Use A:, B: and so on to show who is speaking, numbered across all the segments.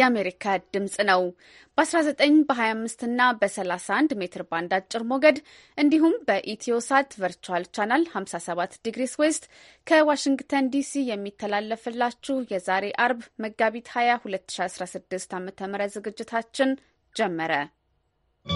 A: የአሜሪካ ድምፅ ነው። በ19 በ25 እና በ31 ሜትር ባንድ አጭር ሞገድ እንዲሁም በኢትዮሳት ቨርቹዋል ቻናል 57 ዲግሪስ ዌስት ከዋሽንግተን ዲሲ የሚተላለፍላችሁ የዛሬ አርብ መጋቢት 20 2016 ዓ ም ዝግጅታችን ጀመረ። ¶¶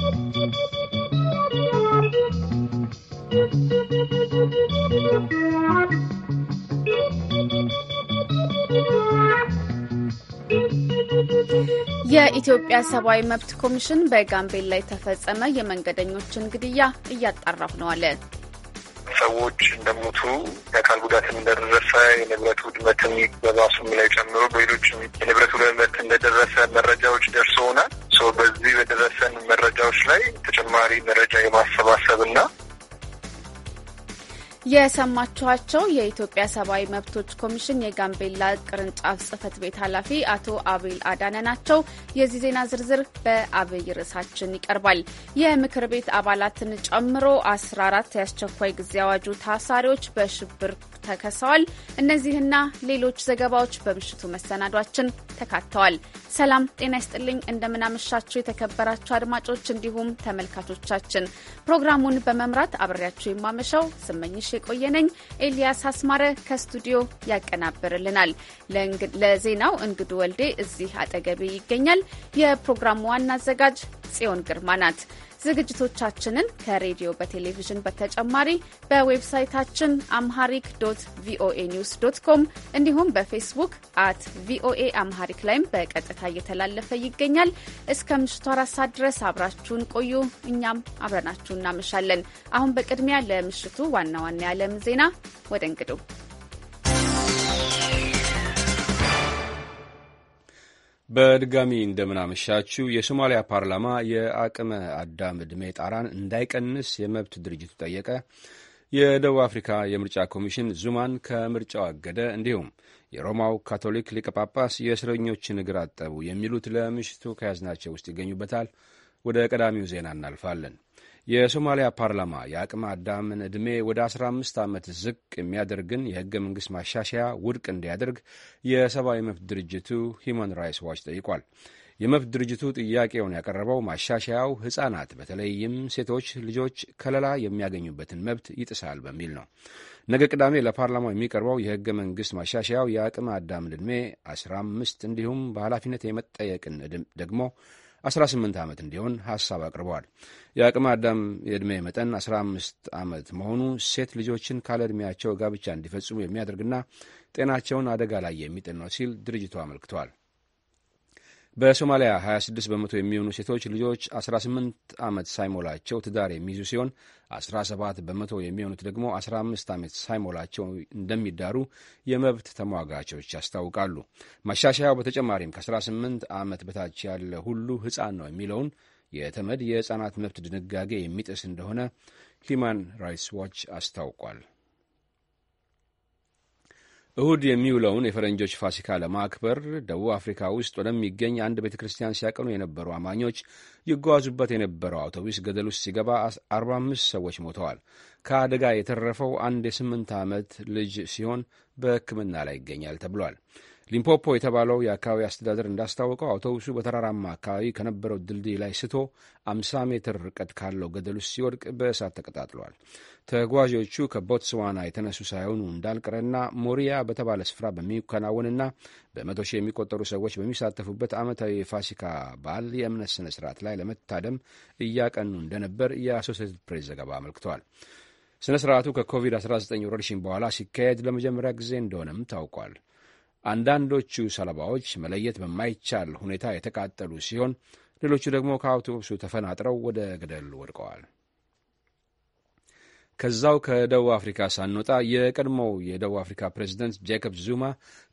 A: የኢትዮጵያ ሰብአዊ መብት ኮሚሽን በጋምቤላ የተፈጸመ የመንገደኞችን ግድያ እያጣራሁ ነው አለ።
B: ሰዎች እንደሞቱ የአካል ጉዳትም እንደደረሰ የንብረት ውድመትም በባሱም ላይ ጨምሮ በሌሎችም የንብረት ውድመት እንደደረሰ መረጃዎች ደርሶናል። በዚህ በደረሰን መረጃዎች ላይ ተጨማሪ መረጃ የማሰባሰብ
A: የሰማችኋቸው የኢትዮጵያ ሰብአዊ መብቶች ኮሚሽን የጋምቤላ ቅርንጫፍ ጽህፈት ቤት ኃላፊ አቶ አቤል አዳነ ናቸው። የዚህ ዜና ዝርዝር በአብይ ርዕሳችን ይቀርባል። የምክር ቤት አባላትን ጨምሮ 14 የአስቸኳይ ጊዜ አዋጁ ታሳሪዎች በሽብር ተከሰዋል። እነዚህና ሌሎች ዘገባዎች በምሽቱ መሰናዷችን ተካተዋል። ሰላም ጤና ይስጥልኝ። እንደምናመሻችሁ የተከበራችሁ አድማጮች እንዲሁም ተመልካቾቻችን ፕሮግራሙን በመምራት አብሬያችሁ የማመሻው ስመኝሽ የቆየነኝ። ኤልያስ አስማረ ከስቱዲዮ ያቀናብርልናል። ለዜናው እንግዱ ወልዴ እዚህ አጠገቤ ይገኛል። የፕሮግራሙ ዋና አዘጋጅ ጽዮን ግርማ ናት። ዝግጅቶቻችንን ከሬዲዮ በቴሌቪዥን በተጨማሪ በዌብሳይታችን አምሃሪክ ዶት ቪኦኤ ኒውስ ዶት ኮም እንዲሁም በፌስቡክ አት ቪኦኤ አምሃሪክ ላይም በቀጥታ እየተላለፈ ይገኛል። እስከ ምሽቱ አራት ሰዓት ድረስ አብራችሁን ቆዩ። እኛም አብረናችሁ እናመሻለን። አሁን በቅድሚያ ለምሽቱ ዋና ዋና የዓለም ዜና ወደ እንግዱ
C: በድጋሚ እንደምናመሻችው የሶማሊያ ፓርላማ የአቅመ አዳም ዕድሜ ጣራን እንዳይቀንስ የመብት ድርጅቱ ጠየቀ። የደቡብ አፍሪካ የምርጫ ኮሚሽን ዙማን ከምርጫው አገደ። እንዲሁም የሮማው ካቶሊክ ሊቀ ጳጳስ የእስረኞችን እግር አጠቡ። የሚሉት ለምሽቱ ከያዝናቸው ውስጥ ይገኙበታል። ወደ ቀዳሚው ዜና እናልፋለን። የሶማሊያ ፓርላማ የአቅመ አዳምን ዕድሜ ወደ 15 ዓመት ዝቅ የሚያደርግን የሕገ መንግሥት ማሻሻያ ውድቅ እንዲያደርግ የሰብአዊ መብት ድርጅቱ ሂማን ራይትስ ዋች ጠይቋል። የመብት ድርጅቱ ጥያቄውን ያቀረበው ማሻሻያው ሕፃናት በተለይም ሴቶች ልጆች ከለላ የሚያገኙበትን መብት ይጥሳል በሚል ነው። ነገ ቅዳሜ ለፓርላማው የሚቀርበው የሕገ መንግሥት ማሻሻያው የአቅመ አዳምን ዕድሜ 15 እንዲሁም በኃላፊነት የመጠየቅን ደግሞ 18 ዓመት እንዲሆን ሐሳብ አቅርበዋል። የአቅመ አዳም የዕድሜ መጠን 15 ዓመት መሆኑ ሴት ልጆችን ካለ ዕድሜያቸው ጋብቻ እንዲፈጽሙ የሚያደርግና ጤናቸውን አደጋ ላይ የሚጥል ነው ሲል ድርጅቱ አመልክተዋል። በሶማሊያ 26 በመቶ የሚሆኑ ሴቶች ልጆች 18 ዓመት ሳይሞላቸው ትዳር የሚይዙ ሲሆን 17 በመቶ የሚሆኑት ደግሞ 15 ዓመት ሳይሞላቸው እንደሚዳሩ የመብት ተሟጋቾች ያስታውቃሉ። ማሻሻያው በተጨማሪም ከ18 ዓመት በታች ያለ ሁሉ ሕፃን ነው የሚለውን የተመድ የሕፃናት መብት ድንጋጌ የሚጥስ እንደሆነ ሂማን ራይትስ ዋች አስታውቋል። እሁድ የሚውለውን የፈረንጆች ፋሲካ ለማክበር ደቡብ አፍሪካ ውስጥ ወደሚገኝ አንድ ቤተ ክርስቲያን ሲያቀኑ የነበሩ አማኞች ይጓዙበት የነበረው አውቶቡስ ገደል ውስጥ ሲገባ 45 ሰዎች ሞተዋል። ከአደጋ የተረፈው አንድ የስምንት ዓመት ልጅ ሲሆን በሕክምና ላይ ይገኛል ተብሏል። ሊምፖፖ የተባለው የአካባቢ አስተዳደር እንዳስታወቀው አውቶቡሱ በተራራማ አካባቢ ከነበረው ድልድይ ላይ ስቶ 50 ሜትር ርቀት ካለው ገደል ውስጥ ሲወድቅ በእሳት ተቀጣጥሏል። ተጓዦቹ ከቦትስዋና የተነሱ ሳይሆኑ እንዳልቀረና ሞሪያ በተባለ ስፍራ በሚከናወንና በመቶ ሺህ የሚቆጠሩ ሰዎች በሚሳተፉበት ዓመታዊ የፋሲካ በዓል የእምነት ስነ ስርዓት ላይ ለመታደም እያቀኑ እንደነበር የአሶሴትድ ፕሬስ ዘገባ አመልክቷል። ስነ ስርዓቱ ከኮቪድ-19 ወረርሽኝ በኋላ ሲካሄድ ለመጀመሪያ ጊዜ እንደሆነም ታውቋል። አንዳንዶቹ ሰለባዎች መለየት በማይቻል ሁኔታ የተቃጠሉ ሲሆን ሌሎቹ ደግሞ ከአውቶቡሱ ተፈናጥረው ወደ ገደል ወድቀዋል። ከዛው ከደቡብ አፍሪካ ሳንወጣ የቀድሞው የደቡብ አፍሪካ ፕሬዚደንት ጄኮብ ዙማ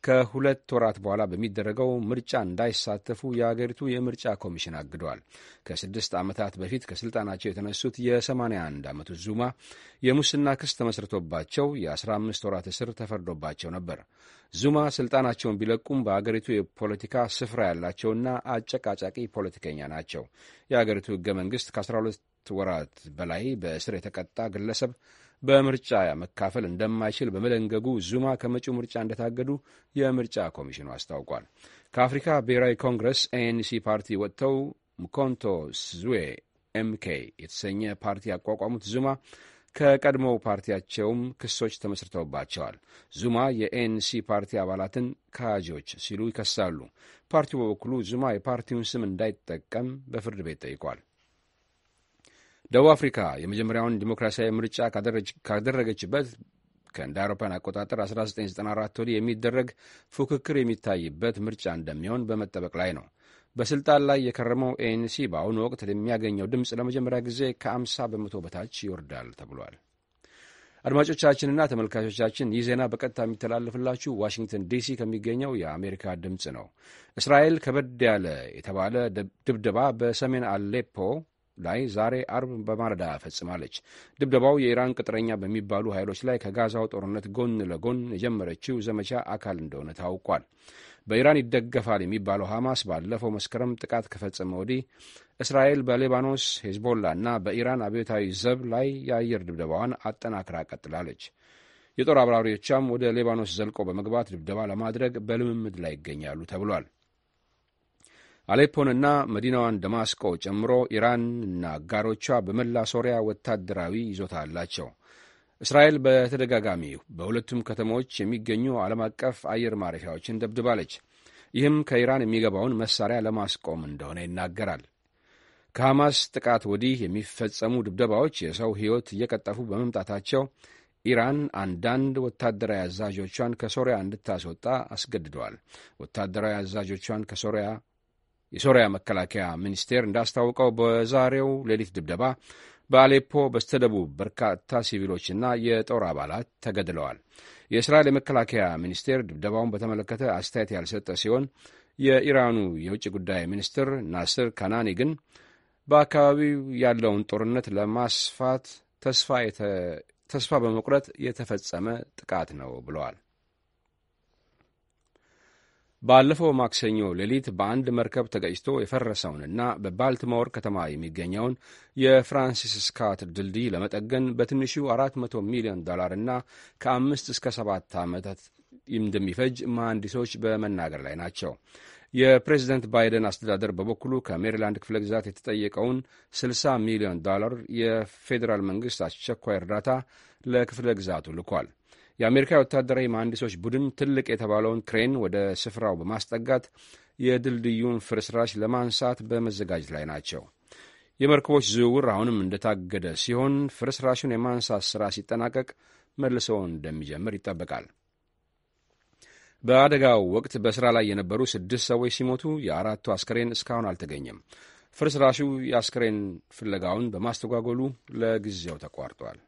C: ከሁለት ወራት በኋላ በሚደረገው ምርጫ እንዳይሳተፉ የአገሪቱ የምርጫ ኮሚሽን አግደዋል። ከስድስት ዓመታት በፊት ከስልጣናቸው የተነሱት የ81 ዓመቱ ዙማ የሙስና ክስ ተመስርቶባቸው የ15 ወራት እስር ተፈርዶባቸው ነበር። ዙማ ስልጣናቸውን ቢለቁም በአገሪቱ የፖለቲካ ስፍራ ያላቸውና አጨቃጫቂ ፖለቲከኛ ናቸው። የአገሪቱ ህገ መንግስት ከ12 ከሁለት ወራት በላይ በእስር የተቀጣ ግለሰብ በምርጫ መካፈል እንደማይችል በመደንገጉ ዙማ ከመጪው ምርጫ እንደታገዱ የምርጫ ኮሚሽኑ አስታውቋል። ከአፍሪካ ብሔራዊ ኮንግረስ ኤንሲ ፓርቲ ወጥተው ምኮንቶ ስዌ ኤምኬ የተሰኘ ፓርቲ ያቋቋሙት ዙማ ከቀድሞው ፓርቲያቸውም ክሶች ተመስርተውባቸዋል። ዙማ የኤንሲ ፓርቲ አባላትን ካጂዎች ሲሉ ይከሳሉ። ፓርቲው በበኩሉ ዙማ የፓርቲውን ስም እንዳይጠቀም በፍርድ ቤት ጠይቋል። ደቡብ አፍሪካ የመጀመሪያውን ዲሞክራሲያዊ ምርጫ ካደረገችበት ከእንደ አውሮፓን አቆጣጠር 1994 ወዲህ የሚደረግ ፉክክር የሚታይበት ምርጫ እንደሚሆን በመጠበቅ ላይ ነው። በስልጣን ላይ የከረመው ኤንሲ በአሁኑ ወቅት ለሚያገኘው ድምፅ ለመጀመሪያ ጊዜ ከ50 በመቶ በታች ይወርዳል ተብሏል። አድማጮቻችንና ተመልካቾቻችን ይህ ዜና በቀጥታ የሚተላለፍላችሁ ዋሽንግተን ዲሲ ከሚገኘው የአሜሪካ ድምፅ ነው። እስራኤል ከበድ ያለ የተባለ ድብደባ በሰሜን አሌፖ ላይ ዛሬ አርብ በማለዳ ፈጽማለች። ድብደባው የኢራን ቅጥረኛ በሚባሉ ኃይሎች ላይ ከጋዛው ጦርነት ጎን ለጎን የጀመረችው ዘመቻ አካል እንደሆነ ታውቋል። በኢራን ይደገፋል የሚባለው ሐማስ ባለፈው መስከረም ጥቃት ከፈጸመ ወዲህ እስራኤል በሌባኖስ ሄዝቦላ እና በኢራን አብዮታዊ ዘብ ላይ የአየር ድብደባዋን አጠናክራ ቀጥላለች። የጦር አብራሪዎቿም ወደ ሌባኖስ ዘልቆ በመግባት ድብደባ ለማድረግ በልምምድ ላይ ይገኛሉ ተብሏል። አሌፖንና መዲናዋን ደማስቆ ጨምሮ ኢራንና አጋሮቿ በመላ ሶሪያ ወታደራዊ ይዞታ አላቸው። እስራኤል በተደጋጋሚ በሁለቱም ከተሞች የሚገኙ ዓለም አቀፍ አየር ማረፊያዎችን ደብድባለች። ይህም ከኢራን የሚገባውን መሳሪያ ለማስቆም እንደሆነ ይናገራል። ከሐማስ ጥቃት ወዲህ የሚፈጸሙ ድብደባዎች የሰው ሕይወት እየቀጠፉ በመምጣታቸው ኢራን አንዳንድ ወታደራዊ አዛዦቿን ከሶሪያ እንድታስወጣ አስገድደዋል። ወታደራዊ አዛዦቿን ከሶሪያ የሶሪያ መከላከያ ሚኒስቴር እንዳስታወቀው በዛሬው ሌሊት ድብደባ በአሌፖ በስተደቡብ በርካታ ሲቪሎችና የጦር አባላት ተገድለዋል። የእስራኤል የመከላከያ ሚኒስቴር ድብደባውን በተመለከተ አስተያየት ያልሰጠ ሲሆን የኢራኑ የውጭ ጉዳይ ሚኒስትር ናስር ካናኒ ግን በአካባቢው ያለውን ጦርነት ለማስፋት ተስፋ በመቁረጥ የተፈጸመ ጥቃት ነው ብለዋል። ባለፈው ማክሰኞ ሌሊት በአንድ መርከብ ተገጭቶ የፈረሰውንና በባልቲሞር ከተማ የሚገኘውን የፍራንሲስ ስካት ድልድይ ለመጠገን በትንሹ 400 ሚሊዮን ዶላርና ከአምስት እስከ ሰባት ዓመታት እንደሚፈጅ መሐንዲሶች በመናገር ላይ ናቸው። የፕሬዚደንት ባይደን አስተዳደር በበኩሉ ከሜሪላንድ ክፍለ ግዛት የተጠየቀውን 60 ሚሊዮን ዶላር የፌዴራል መንግሥት አስቸኳይ እርዳታ ለክፍለ ግዛቱ ልኳል። የአሜሪካ ወታደራዊ መሐንዲሶች ቡድን ትልቅ የተባለውን ክሬን ወደ ስፍራው በማስጠጋት የድልድዩን ፍርስራሽ ለማንሳት በመዘጋጀት ላይ ናቸው። የመርከቦች ዝውውር አሁንም እንደታገደ ሲሆን ፍርስራሹን የማንሳት ሥራ ሲጠናቀቅ መልሰው እንደሚጀምር ይጠበቃል። በአደጋው ወቅት በሥራ ላይ የነበሩ ስድስት ሰዎች ሲሞቱ የአራቱ አስከሬን እስካሁን አልተገኘም። ፍርስራሹ የአስከሬን ፍለጋውን በማስተጓጎሉ ለጊዜው ተቋርጧል።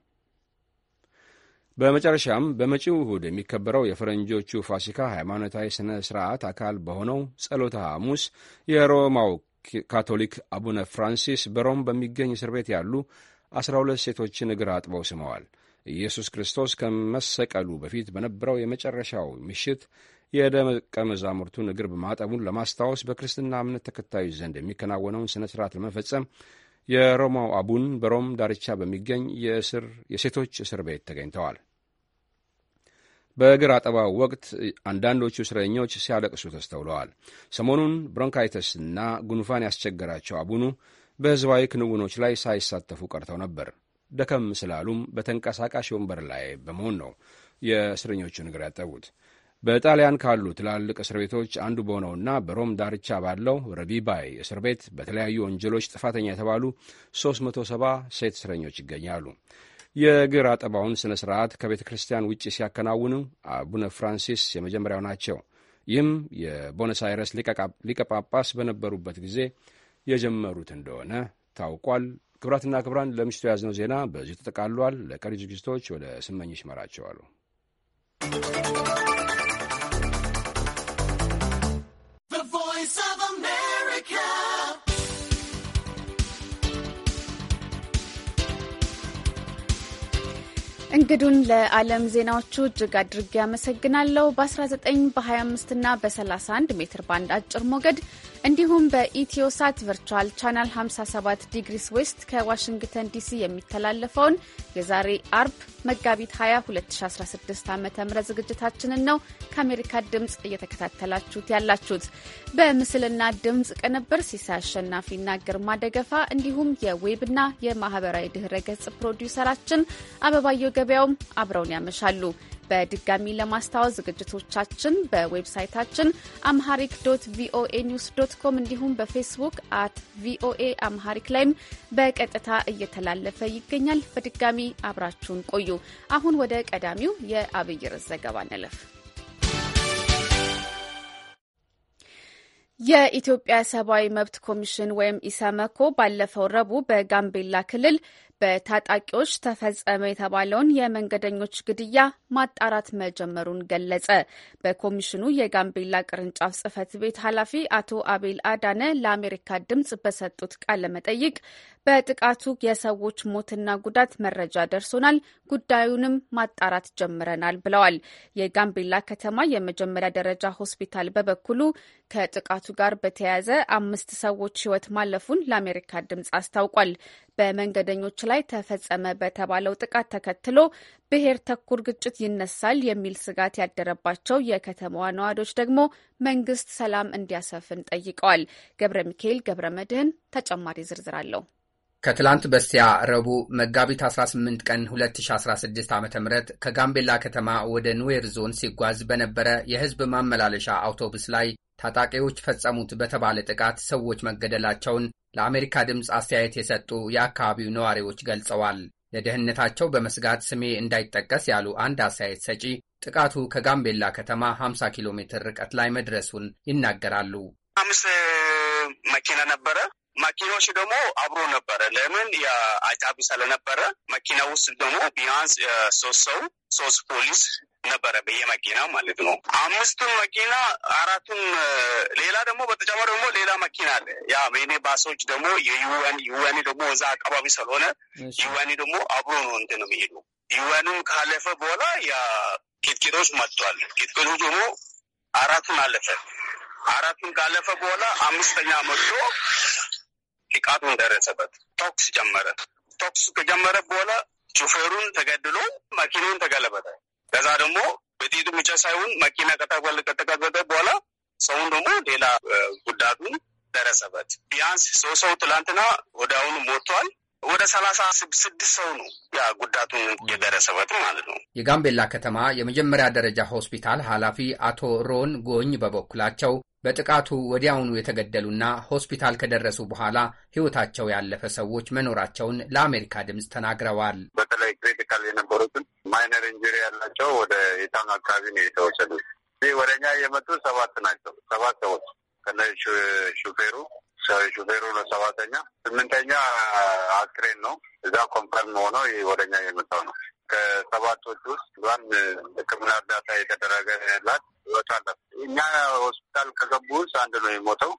C: በመጨረሻም በመጪው እሁድ የሚከበረው የፈረንጆቹ ፋሲካ ሃይማኖታዊ ሥነ ሥርዓት አካል በሆነው ጸሎተ ሐሙስ የሮማው ካቶሊክ አቡነ ፍራንሲስ በሮም በሚገኝ እስር ቤት ያሉ አስራ ሁለት ሴቶችን እግር አጥበው ስመዋል። ኢየሱስ ክርስቶስ ከመሰቀሉ በፊት በነበረው የመጨረሻው ምሽት የደቀ መዛሙርቱን እግር በማጠቡን ለማስታወስ በክርስትና እምነት ተከታዮች ዘንድ የሚከናወነውን ሥነ ሥርዓት ለመፈጸም የሮማው አቡን በሮም ዳርቻ በሚገኝ የሴቶች እስር ቤት ተገኝተዋል። በእግር አጠባው ወቅት አንዳንዶቹ እስረኞች ሲያለቅሱ ተስተውለዋል። ሰሞኑን ብሮንካይተስና ጉንፋን ያስቸገራቸው አቡኑ በሕዝባዊ ክንውኖች ላይ ሳይሳተፉ ቀርተው ነበር። ደከም ስላሉም በተንቀሳቃሽ ወንበር ላይ በመሆን ነው የእስረኞቹን እግር ያጠቡት። በጣሊያን ካሉ ትላልቅ እስር ቤቶች አንዱ በሆነውና በሮም ዳርቻ ባለው ረቢባይ እስር ቤት በተለያዩ ወንጀሎች ጥፋተኛ የተባሉ 370 ሴት እስረኞች ይገኛሉ። የእግር አጠባውን ሥነ ሥርዓት ከቤተ ክርስቲያን ውጭ ሲያከናውኑ አቡነ ፍራንሲስ የመጀመሪያው ናቸው። ይህም የቦነስ አይረስ ሊቀ ጳጳስ በነበሩበት ጊዜ የጀመሩት እንደሆነ ታውቋል። ክብራትና ክብራን ለምሽቱ የያዝነው ዜና በዚሁ ተጠቃሏል። ለቀሪ ዝግጅቶች ወደ ስመኝሽ መራቸዋሉ።
A: እንግዱን ለዓለም ዜናዎቹ እጅግ አድርጌ ያመሰግናለሁ። በ19 በ25 እና በ31 ሜትር ባንድ አጭር ሞገድ እንዲሁም በኢትዮሳት ቨርቹዋል ቻናል 57 ዲግሪስ ዌስት ከዋሽንግተን ዲሲ የሚተላለፈውን የዛሬ አርብ መጋቢት 20 2016 ዓ ም ዝግጅታችንን ነው ከአሜሪካ ድምፅ እየተከታተላችሁት ያላችሁት። በምስልና ድምፅ ቅንብር ሲሳይ አሸናፊና ግርማ ደገፋ እንዲሁም የዌብና የማህበራዊ ድህረ ገጽ ፕሮዲውሰራችን አበባየው ገበያውም አብረውን ያመሻሉ። በድጋሚ ለማስታወስ ዝግጅቶቻችን በዌብሳይታችን አምሃሪክ ዶት ቪኦኤ ኒውስ ዶት ኮም እንዲሁም በፌስቡክ አት ቪኦኤ አምሃሪክ ላይም በቀጥታ እየተላለፈ ይገኛል። በድጋሚ አብራችሁን ቆዩ። አሁን ወደ ቀዳሚው የአብይር ዘገባ እንለፍ። የኢትዮጵያ ሰብአዊ መብት ኮሚሽን ወይም ኢሰመኮ ባለፈው ረቡዕ በጋምቤላ ክልል በታጣቂዎች ተፈጸመ የተባለውን የመንገደኞች ግድያ ማጣራት መጀመሩን ገለጸ። በኮሚሽኑ የጋምቤላ ቅርንጫፍ ጽህፈት ቤት ኃላፊ አቶ አቤል አዳነ ለአሜሪካ ድምጽ በሰጡት ቃለ መጠይቅ በጥቃቱ የሰዎች ሞትና ጉዳት መረጃ ደርሶናል፣ ጉዳዩንም ማጣራት ጀምረናል ብለዋል። የጋምቤላ ከተማ የመጀመሪያ ደረጃ ሆስፒታል በበኩሉ ከጥቃቱ ጋር በተያያዘ አምስት ሰዎች ሕይወት ማለፉን ለአሜሪካ ድምፅ አስታውቋል። በመንገደኞች ላይ ተፈጸመ በተባለው ጥቃት ተከትሎ ብሔር ተኮር ግጭት ይነሳል የሚል ስጋት ያደረባቸው የከተማዋ ነዋሪዎች ደግሞ መንግስት ሰላም እንዲያሰፍን ጠይቀዋል። ገብረ ሚካኤል ገብረ መድህን ተጨማሪ ዝርዝር አለው።
D: ከትላንት በስቲያ ረቡዕ መጋቢት 18 ቀን 2016 ዓ ም ከጋምቤላ ከተማ ወደ ኑዌር ዞን ሲጓዝ በነበረ የሕዝብ ማመላለሻ አውቶቡስ ላይ ታጣቂዎች ፈጸሙት በተባለ ጥቃት ሰዎች መገደላቸውን ለአሜሪካ ድምፅ አስተያየት የሰጡ የአካባቢው ነዋሪዎች ገልጸዋል። ለደህንነታቸው በመስጋት ስሜ እንዳይጠቀስ ያሉ አንድ አስተያየት ሰጪ ጥቃቱ ከጋምቤላ ከተማ 50 ኪሎ ሜትር ርቀት ላይ መድረሱን ይናገራሉ።
E: አምስት መኪና ነበረ መኪኖች ደግሞ አብሮ ነበረ። ለምን የአጫቢ ስለነበረ መኪና ውስጥ ደግሞ ቢያንስ ሶስት ሰው ሶስት ፖሊስ ነበረ በየመኪና ማለት ነው። አምስቱን መኪና አራቱን ሌላ ደግሞ በተጨማሪ ደግሞ ሌላ መኪና አለ። ያ ሜኔ ባሶች ደግሞ የዩኤን ዩኤን ደግሞ እዛ አካባቢ ስለሆነ ዩኤን ደግሞ አብሮ ነው እንትን የሚሄዱ ዩኤንም ካለፈ በኋላ ኬትኬቶች መጥቷል። ኬትኬቶች ደግሞ አራቱን አለፈ። አራቱን ካለፈ በኋላ አምስተኛ መጥቶ ጥቃቱን ደረሰበት። ተኩስ ጀመረ። ተኩስ ከጀመረ በኋላ ሹፌሩን ተገድሎ መኪናውን ተገለበጠ። ከዛ ደግሞ በጥይቱ ብቻ ሳይሆን መኪና ከተገለበጠ በኋላ ሰውን ደግሞ ሌላ ጉዳቱን ደረሰበት። ቢያንስ ሰው ሰው ትላንትና ወደ አሁኑ
F: ሞቷል። ወደ ሰላሳ ስድስት ሰው ነው ያ ጉዳቱን የደረሰበት
D: ማለት ነው። የጋምቤላ ከተማ የመጀመሪያ ደረጃ ሆስፒታል ኃላፊ አቶ ሮን ጎኝ በበኩላቸው በጥቃቱ ወዲያውኑ የተገደሉና ሆስፒታል ከደረሱ በኋላ ሕይወታቸው ያለፈ ሰዎች መኖራቸውን ለአሜሪካ ድምፅ ተናግረዋል። በተለይ ክሪቲካል የነበሩትን
B: ማይነር ኢንጁሪ ያላቸው ወደ የታኑ አካባቢ ነው የተወሰዱ። ወደ እኛ የመጡ ሰባት ናቸው። ሰባት ሰዎች ከነ ሹፌሩ ሹፌሩ ለሰባተኛ ስምንተኛ አስክሬን ነው እዛ ኮንፈርም ሆኖ ወደኛ የመጣው ነው። ከሰባቶች ውስጥ ዛን ሕክምና
E: እርዳታ የተደረገ ላት ይወጣለ እኛ ሆስፒታል ከገቡ ውስጥ አንድ ነው የሞተው።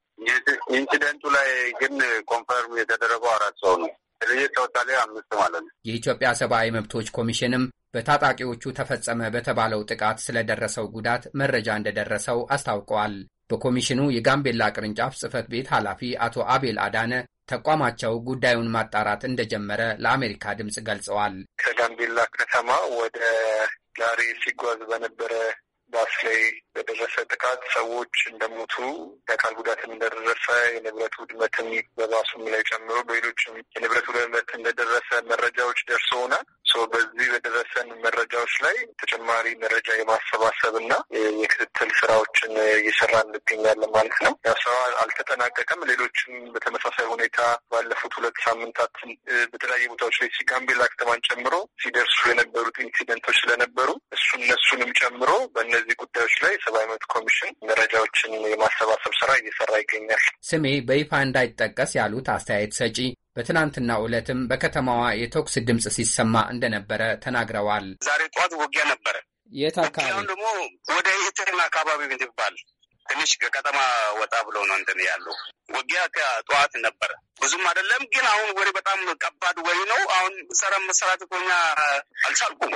E: ኢንሲደንቱ ላይ ግን ኮንፈርም የተደረገው አራት
D: ሰው ነው። ስለዚህ አምስት ማለት ነው። የኢትዮጵያ ሰብአዊ መብቶች ኮሚሽንም በታጣቂዎቹ ተፈጸመ በተባለው ጥቃት ስለደረሰው ጉዳት መረጃ እንደደረሰው አስታውቀዋል። በኮሚሽኑ የጋምቤላ ቅርንጫፍ ጽህፈት ቤት ኃላፊ አቶ አቤል አዳነ ተቋማቸው ጉዳዩን ማጣራት እንደጀመረ ለአሜሪካ ድምፅ ገልጸዋል።
B: ከጋምቤላ ከተማ ወደ ላሬ ሲጓዝ በነበረ ባስ ላይ በደረሰ ጥቃት ሰዎች እንደሞቱ የአካል ጉዳትም እንደደረሰ የንብረት ውድመትም በባሱም ላይ ጨምሮ በሌሎችም የንብረት ውድመት እንደደረሰ መረጃዎች ደርሶናል። በዚህ በደረሰን መረጃዎች ላይ ተጨማሪ መረጃ የማሰባሰብ እና የክትትል ስራዎችን እየሰራ እንገኛለን ማለት ነው። ያ ስራ አልተጠናቀቀም። ሌሎችም በተመሳሳይ ሁኔታ ባለፉት ሁለት ሳምንታት በተለያዩ ቦታዎች ላይ ሲጋምቤላ ከተማን ጨምሮ ሲደርሱ የነበሩት ኢንሲደንቶች ስለነበሩ እሱ እነሱንም ጨምሮ በእነዚህ ጉዳዮች ላይ ሰብአዊ መብት ኮሚሽን መረጃዎችን የማሰባሰብ ስራ እየሰራ
D: ይገኛል። ስሜ በይፋ እንዳይጠቀስ ያሉት አስተያየት ሰጪ በትናንትናው ዕለትም በከተማዋ የተኩስ ድምፅ ሲሰማ እንደነበረ ተናግረዋል። ዛሬ ጠዋት ውጊያ ነበረ። የት አካባቢ?
E: ደግሞ ወደ ኢትሪም አካባቢ ትባል ትንሽ ከከተማ ወጣ ብሎ ነው እንትን ያሉ ውጊያ ከጠዋት ነበረ። ብዙም አይደለም ግን አሁን ወሬ በጣም ከባድ ወሬ ነው። አሁን ሰራ መሰራት እኮ እኛ አልቻልኩም።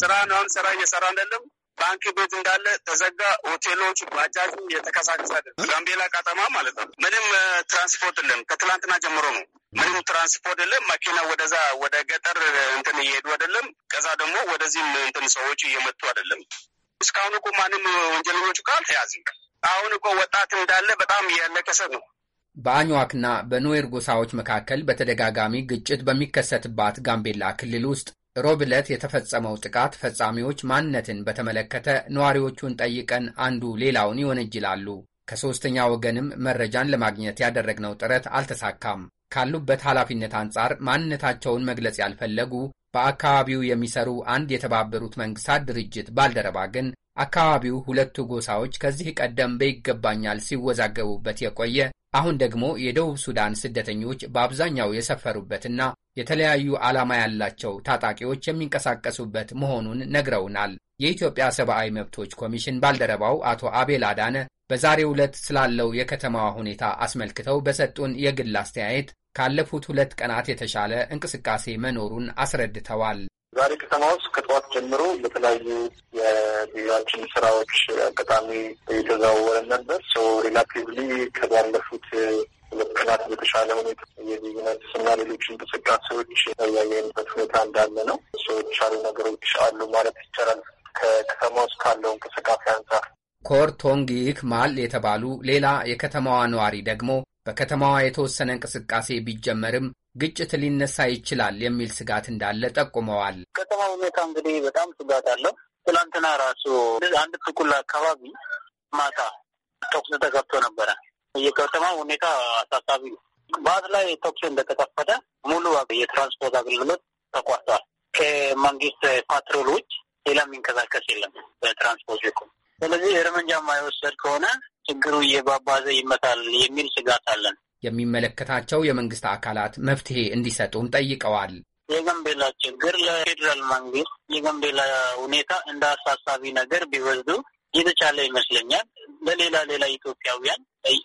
E: ስራ አሁን ስራ እየሰራ አይደለም ባንክ ቤት እንዳለ ተዘጋ። ሆቴሎች፣ ባጃጅ የተከሳከሰ ጋምቤላ ከተማ ማለት ነው። ምንም ትራንስፖርት የለም። ከትላንትና ጀምሮ ነው። ምንም ትራንስፖርት የለም። መኪና ወደዛ ወደ ገጠር እንትን እየሄዱ አይደለም። ከዛ ደግሞ ወደዚህም እንትን ሰዎች እየመጡ አይደለም። እስካሁን እኮ ማንም ወንጀለኞቹ ካልተያዝም አሁን እኮ ወጣት እንዳለ በጣም እያለቀሰ ነው።
D: በአኝዋክና በኖዌር ጎሳዎች መካከል በተደጋጋሚ ግጭት በሚከሰትባት ጋምቤላ ክልል ውስጥ ሮብ ዕለት የተፈጸመው ጥቃት ፈጻሚዎች ማንነትን በተመለከተ ነዋሪዎቹን ጠይቀን አንዱ ሌላውን ይወነጅላሉ። ከሦስተኛ ወገንም መረጃን ለማግኘት ያደረግነው ጥረት አልተሳካም። ካሉበት ኃላፊነት አንጻር ማንነታቸውን መግለጽ ያልፈለጉ በአካባቢው የሚሰሩ አንድ የተባበሩት መንግሥታት ድርጅት ባልደረባ ግን አካባቢው ሁለቱ ጎሳዎች ከዚህ ቀደም በይገባኛል ሲወዛገቡበት የቆየ አሁን ደግሞ የደቡብ ሱዳን ስደተኞች በአብዛኛው የሰፈሩበትና የተለያዩ ዓላማ ያላቸው ታጣቂዎች የሚንቀሳቀሱበት መሆኑን ነግረውናል። የኢትዮጵያ ሰብአዊ መብቶች ኮሚሽን ባልደረባው አቶ አቤል አዳነ በዛሬው ዕለት ስላለው የከተማዋ ሁኔታ አስመልክተው በሰጡን የግል አስተያየት ካለፉት ሁለት ቀናት የተሻለ እንቅስቃሴ መኖሩን አስረድተዋል።
B: ዛሬ ከተማ ውስጥ ከጠዋት ጀምሮ ለተለያዩ የቢሮችን ስራዎች አጋጣሚ እየተዘዋወረን ነበር። ሪላቲቭሊ ከባለፉት ሁለት ቀናት በተሻለ ሁኔታ የቢዝነስ እና ሌሎች እንቅስቃሴዎች ያየንበት ሁኔታ እንዳለ ነው። ሰዎች አሉ፣ ነገሮች አሉ ማለት ይቻላል። ከከተማ
D: ውስጥ ካለው እንቅስቃሴ አንጻር ኮርቶንግ ይክማል የተባሉ ሌላ የከተማዋ ነዋሪ ደግሞ በከተማዋ የተወሰነ እንቅስቃሴ ቢጀመርም ግጭት ሊነሳ ይችላል የሚል ስጋት እንዳለ ጠቁመዋል።
E: ከተማ ሁኔታ እንግዲህ በጣም ስጋት አለው። ትላንትና ራሱ አንድ ትኩል አካባቢ ማታ ተኩስ ተከፍቶ ነበረ። የከተማ ሁኔታ አሳሳቢ ነው። ላይ ተኩስ እንደተከፈተ ሙሉ የትራንስፖርት አገልግሎት ተቋርጧል። ከመንግስት ፓትሮሎች ሌላ የሚንቀሳቀስ የለም በትራንስፖርት ይቁም። ስለዚህ እርምጃ የማይወሰድ ከሆነ ችግሩ እየባባዘ ይመጣል የሚል ስጋት አለን።
D: የሚመለከታቸው የመንግስት አካላት መፍትሄ እንዲሰጡም ጠይቀዋል።
E: የጋምቤላ ችግር ለፌዴራል መንግስት የጋምቤላ ሁኔታ እንደ አሳሳቢ ነገር ቢወስዱ የተቻለ ይመስለኛል። ለሌላ ሌላ ኢትዮጵያውያን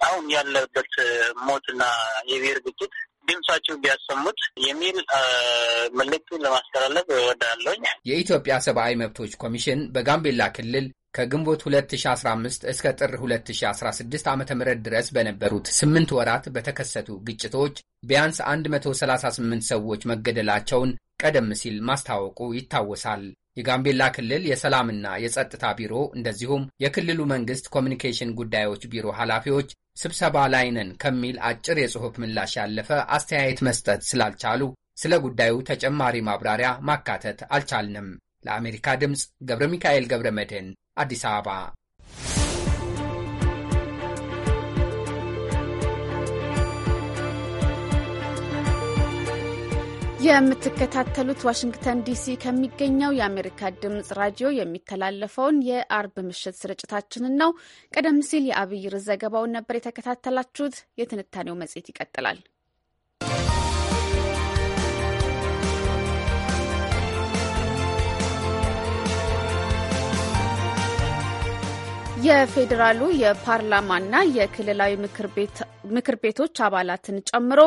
E: አሁን ያለበት ሞትና የብሔር ግጭት ድምጻቸው ቢያሰሙት የሚል መልእክቱ ለማስተላለፍ
D: እወዳለሁኝ። የኢትዮጵያ ሰብአዊ መብቶች ኮሚሽን በጋምቤላ ክልል ከግንቦት 2015 እስከ ጥር 2016 ዓ ም ድረስ በነበሩት ስምንት ወራት በተከሰቱ ግጭቶች ቢያንስ 138 ሰዎች መገደላቸውን ቀደም ሲል ማስታወቁ ይታወሳል። የጋምቤላ ክልል የሰላምና የጸጥታ ቢሮ እንደዚሁም የክልሉ መንግሥት ኮሚኒኬሽን ጉዳዮች ቢሮ ኃላፊዎች ስብሰባ ላይ ነን ከሚል አጭር የጽሑፍ ምላሽ ያለፈ አስተያየት መስጠት ስላልቻሉ ስለ ጉዳዩ ተጨማሪ ማብራሪያ ማካተት አልቻልንም። ለአሜሪካ ድምፅ ገብረ ሚካኤል ገብረ መድህን አዲስ አበባ።
A: የምትከታተሉት ዋሽንግተን ዲሲ ከሚገኘው የአሜሪካ ድምጽ ራዲዮ የሚተላለፈውን የአርብ ምሽት ስርጭታችንን ነው። ቀደም ሲል የአብይር ዘገባውን ነበር የተከታተላችሁት። የትንታኔው መጽሔት ይቀጥላል። የፌዴራሉ የፓርላማና የክልላዊ ምክር ቤቶች አባላትን ጨምሮ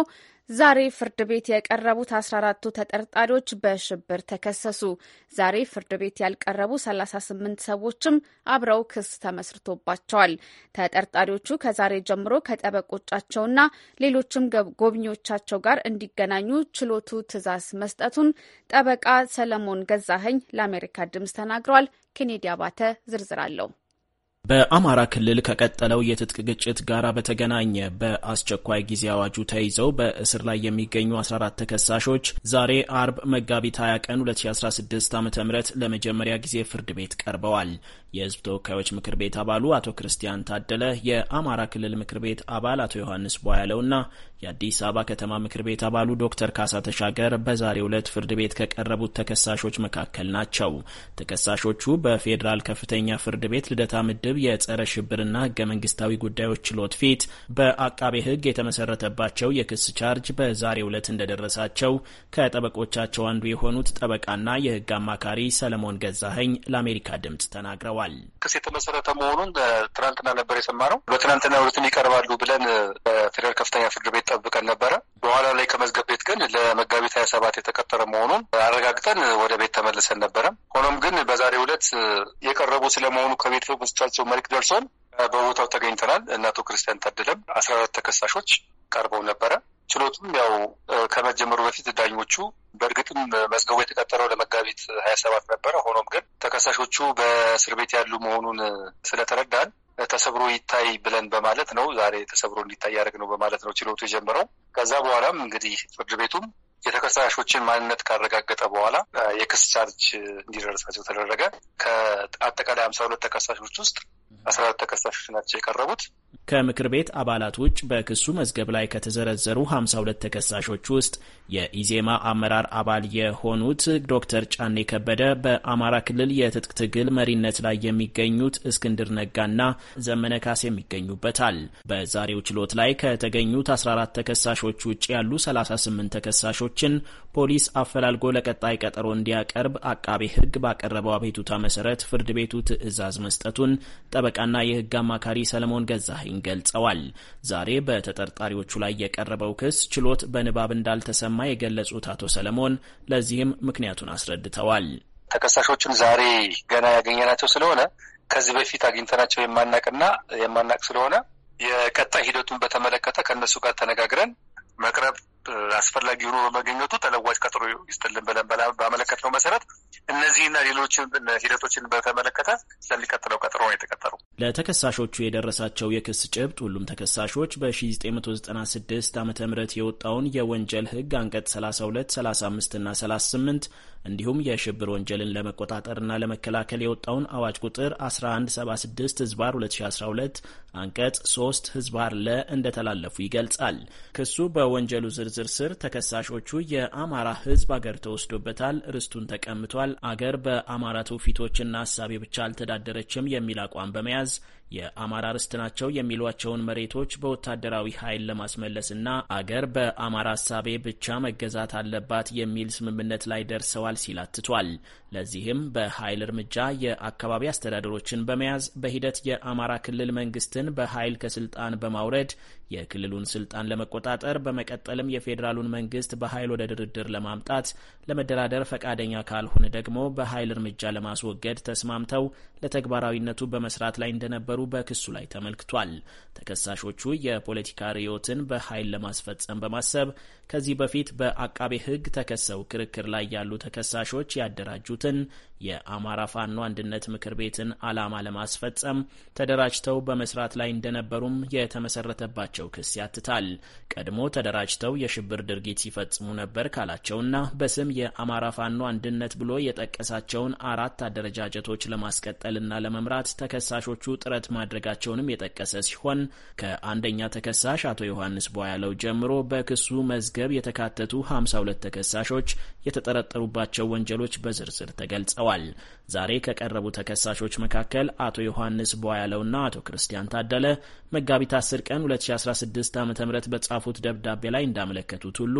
A: ዛሬ ፍርድ ቤት የቀረቡት 14ቱ ተጠርጣሪዎች በሽብር ተከሰሱ። ዛሬ ፍርድ ቤት ያልቀረቡ 38 ሰዎችም አብረው ክስ ተመስርቶባቸዋል። ተጠርጣሪዎቹ ከዛሬ ጀምሮ ከጠበቆቻቸውና ሌሎችም ጎብኚዎቻቸው ጋር እንዲገናኙ ችሎቱ ትዕዛዝ መስጠቱን ጠበቃ ሰለሞን ገዛኸኝ ለአሜሪካ ድምፅ ተናግረዋል። ኬኔዲ አባተ ዝርዝር አለው።
G: በአማራ ክልል ከቀጠለው የትጥቅ ግጭት ጋር በተገናኘ በአስቸኳይ ጊዜ አዋጁ ተይዘው በእስር ላይ የሚገኙ 14 ተከሳሾች ዛሬ አርብ መጋቢት 20 ቀን 2016 ዓ ም ለመጀመሪያ ጊዜ ፍርድ ቤት ቀርበዋል። የህዝብ ተወካዮች ምክር ቤት አባሉ አቶ ክርስቲያን ታደለ፣ የአማራ ክልል ምክር ቤት አባል አቶ ዮሐንስ ቧያለውና የአዲስ አበባ ከተማ ምክር ቤት አባሉ ዶክተር ካሳ ተሻገር በዛሬው ዕለት ፍርድ ቤት ከቀረቡት ተከሳሾች መካከል ናቸው። ተከሳሾቹ በፌዴራል ከፍተኛ ፍርድ ቤት ልደታ ምድብ የጸረ ሽብርና ህገ መንግስታዊ ጉዳዮች ችሎት ፊት በአቃቤ ህግ የተመሰረተባቸው የክስ ቻርጅ በዛሬው ዕለት እንደደረሳቸው ከጠበቆቻቸው አንዱ የሆኑት ጠበቃና የህግ አማካሪ ሰለሞን ገዛኸኝ ለአሜሪካ ድምፅ ተናግረዋል። ገልጸዋል።
F: ክስ የተመሰረተ መሆኑን ትናንትና ነበር የሰማነው። በትናንትና ሁለትም ይቀርባሉ ብለን በፌዴራል ከፍተኛ ፍርድ ቤት ጠብቀን ነበረ። በኋላ ላይ ከመዝገብ ቤት ግን ለመጋቢት ሀያ ሰባት የተቀጠረ መሆኑን አረጋግጠን ወደ ቤት ተመልሰን ነበረ። ሆኖም ግን በዛሬው ዕለት የቀረቡ ስለመሆኑ ከቤተሰቦቻቸው መልክ ደርሶን በቦታው ተገኝተናል። እነ አቶ ክርስቲያን ታደለም አስራ አራት ተከሳሾች ቀርበው ነበረ። ችሎቱም ያው ከመጀመሩ በፊት ዳኞቹ በእርግጥም መዝገቡ የተቀጠረው ለመጋቢት ሀያ ሰባት ነበረ። ሆኖም ግን ተከሳሾቹ በእስር ቤት ያሉ መሆኑን ስለተረዳን ተሰብሮ ይታይ ብለን በማለት ነው ዛሬ ተሰብሮ እንዲታይ ያደርግ ነው በማለት ነው ችሎቱ የጀመረው። ከዛ በኋላም እንግዲህ ፍርድ ቤቱም የተከሳሾችን ማንነት ካረጋገጠ በኋላ የክስ ቻርጅ እንዲደርሳቸው ተደረገ። ከአጠቃላይ ሀምሳ ሁለት ተከሳሾች ውስጥ አስራ አራት ተከሳሾች ናቸው የቀረቡት።
G: ከምክር ቤት አባላት ውጭ በክሱ መዝገብ ላይ ከተዘረዘሩ 52 ተከሳሾች ውስጥ የኢዜማ አመራር አባል የሆኑት ዶክተር ጫኔ ከበደ በአማራ ክልል የትጥቅ ትግል መሪነት ላይ የሚገኙት እስክንድር ነጋና ዘመነ ካሴም ይገኙበታል። በዛሬው ችሎት ላይ ከተገኙት 14 ተከሳሾች ውጭ ያሉ 38 ተከሳሾችን ፖሊስ አፈላልጎ ለቀጣይ ቀጠሮ እንዲያቀርብ አቃቤ ሕግ ባቀረበው አቤቱታ መሰረት ፍርድ ቤቱ ትዕዛዝ መስጠቱን ጠበቃና የሕግ አማካሪ ሰለሞን ገዛኸኝ ገልጸዋል። ዛሬ በተጠርጣሪዎቹ ላይ የቀረበው ክስ ችሎት በንባብ እንዳልተሰማ ከተማ የገለጹት አቶ ሰለሞን ለዚህም ምክንያቱን አስረድተዋል።
F: ተከሳሾቹን ዛሬ ገና ያገኘናቸው ስለሆነ ከዚህ በፊት አግኝተናቸው የማናቅና የማናቅ ስለሆነ የቀጣይ ሂደቱን በተመለከተ ከእነሱ ጋር ተነጋግረን መቅረብ አስፈላጊ ሆኖ በመገኘቱ ተለዋጭ ቀጥሮ ይስጥልን ብለን ነው መሰረት እነዚህና ሌሎችን ሂደቶችን በተመለከተ ስለሚቀጥለው ቀጥሮ
G: ነው የተቀጠሩ። ለተከሳሾቹ የደረሳቸው የክስ ጭብጥ ሁሉም ተከሳሾች በ1996 ዓ ም የወጣውን የወንጀል ህግ አንቀጽ 32፣ 35 እና 38 እንዲሁም የሽብር ወንጀልን ለመቆጣጠርና ለመከላከል የወጣውን አዋጅ ቁጥር 1176 ህዝባር 2012 አንቀጽ 3 ህዝባር ለ እንደተላለፉ ይገልጻል። ክሱ በወንጀሉ ዝር ዝርዝር ስር ተከሳሾቹ የአማራ ህዝብ አገር ተወስዶበታል፣ ርስቱን ተቀምቷል፣ አገር በአማራ ትውፊቶችና እሳቤ ብቻ አልተዳደረችም የሚል አቋም በመያዝ የአማራ ርስት ናቸው የሚሏቸውን መሬቶች በወታደራዊ ኃይል ለማስመለስና አገር በአማራ እሳቤ ብቻ መገዛት አለባት የሚል ስምምነት ላይ ደርሰዋል ሲል አትቷል። ለዚህም በኃይል እርምጃ የአካባቢ አስተዳደሮችን በመያዝ በሂደት የአማራ ክልል መንግስትን በኃይል ከስልጣን በማውረድ የክልሉን ስልጣን ለመቆጣጠር በመቀጠልም የፌዴራሉን መንግስት በኃይል ወደ ድርድር ለማምጣት ለመደራደር ፈቃደኛ ካልሆነ ደግሞ በኃይል እርምጃ ለማስወገድ ተስማምተው ለተግባራዊነቱ በመስራት ላይ እንደነበሩ በክሱ ላይ ተመልክቷል። ተከሳሾቹ የፖለቲካ ርዕዮትን በኃይል ለማስፈጸም በማሰብ ከዚህ በፊት በአቃቤ ሕግ ተከሰው ክርክር ላይ ያሉ ተከሳሾች ያደራጁትን የአማራ ፋኖ አንድነት ምክር ቤትን ዓላማ ለማስፈጸም ተደራጅተው በመስራት ላይ እንደነበሩም የተመሰረተባቸው ክስ ያትታል። ቀድሞ ተደራጅተው የሽብር ድርጊት ሲፈጽሙ ነበር ካላቸውና በስም የአማራ ፋኖ አንድነት ብሎ የጠቀሳቸውን አራት አደረጃጀቶች ለማስቀጠልና ለመምራት ተከሳሾቹ ጥረት ማድረጋቸውንም የጠቀሰ ሲሆን ከአንደኛ ተከሳሽ አቶ ዮሐንስ ቧያለው ጀምሮ በክሱ መዝገብ የተካተቱ 52 ተከሳሾች የተጠረጠሩባቸው ወንጀሎች በዝርዝር ተገልጸዋል። ዛሬ ከቀረቡ ተከሳሾች መካከል አቶ ዮሐንስ ቧያለውና አቶ ክርስቲያን ታደለ መጋቢት 10 ቀን 2016 ዓ ም በጻፉት ደብዳቤ ላይ እንዳመለከቱት ሁሉ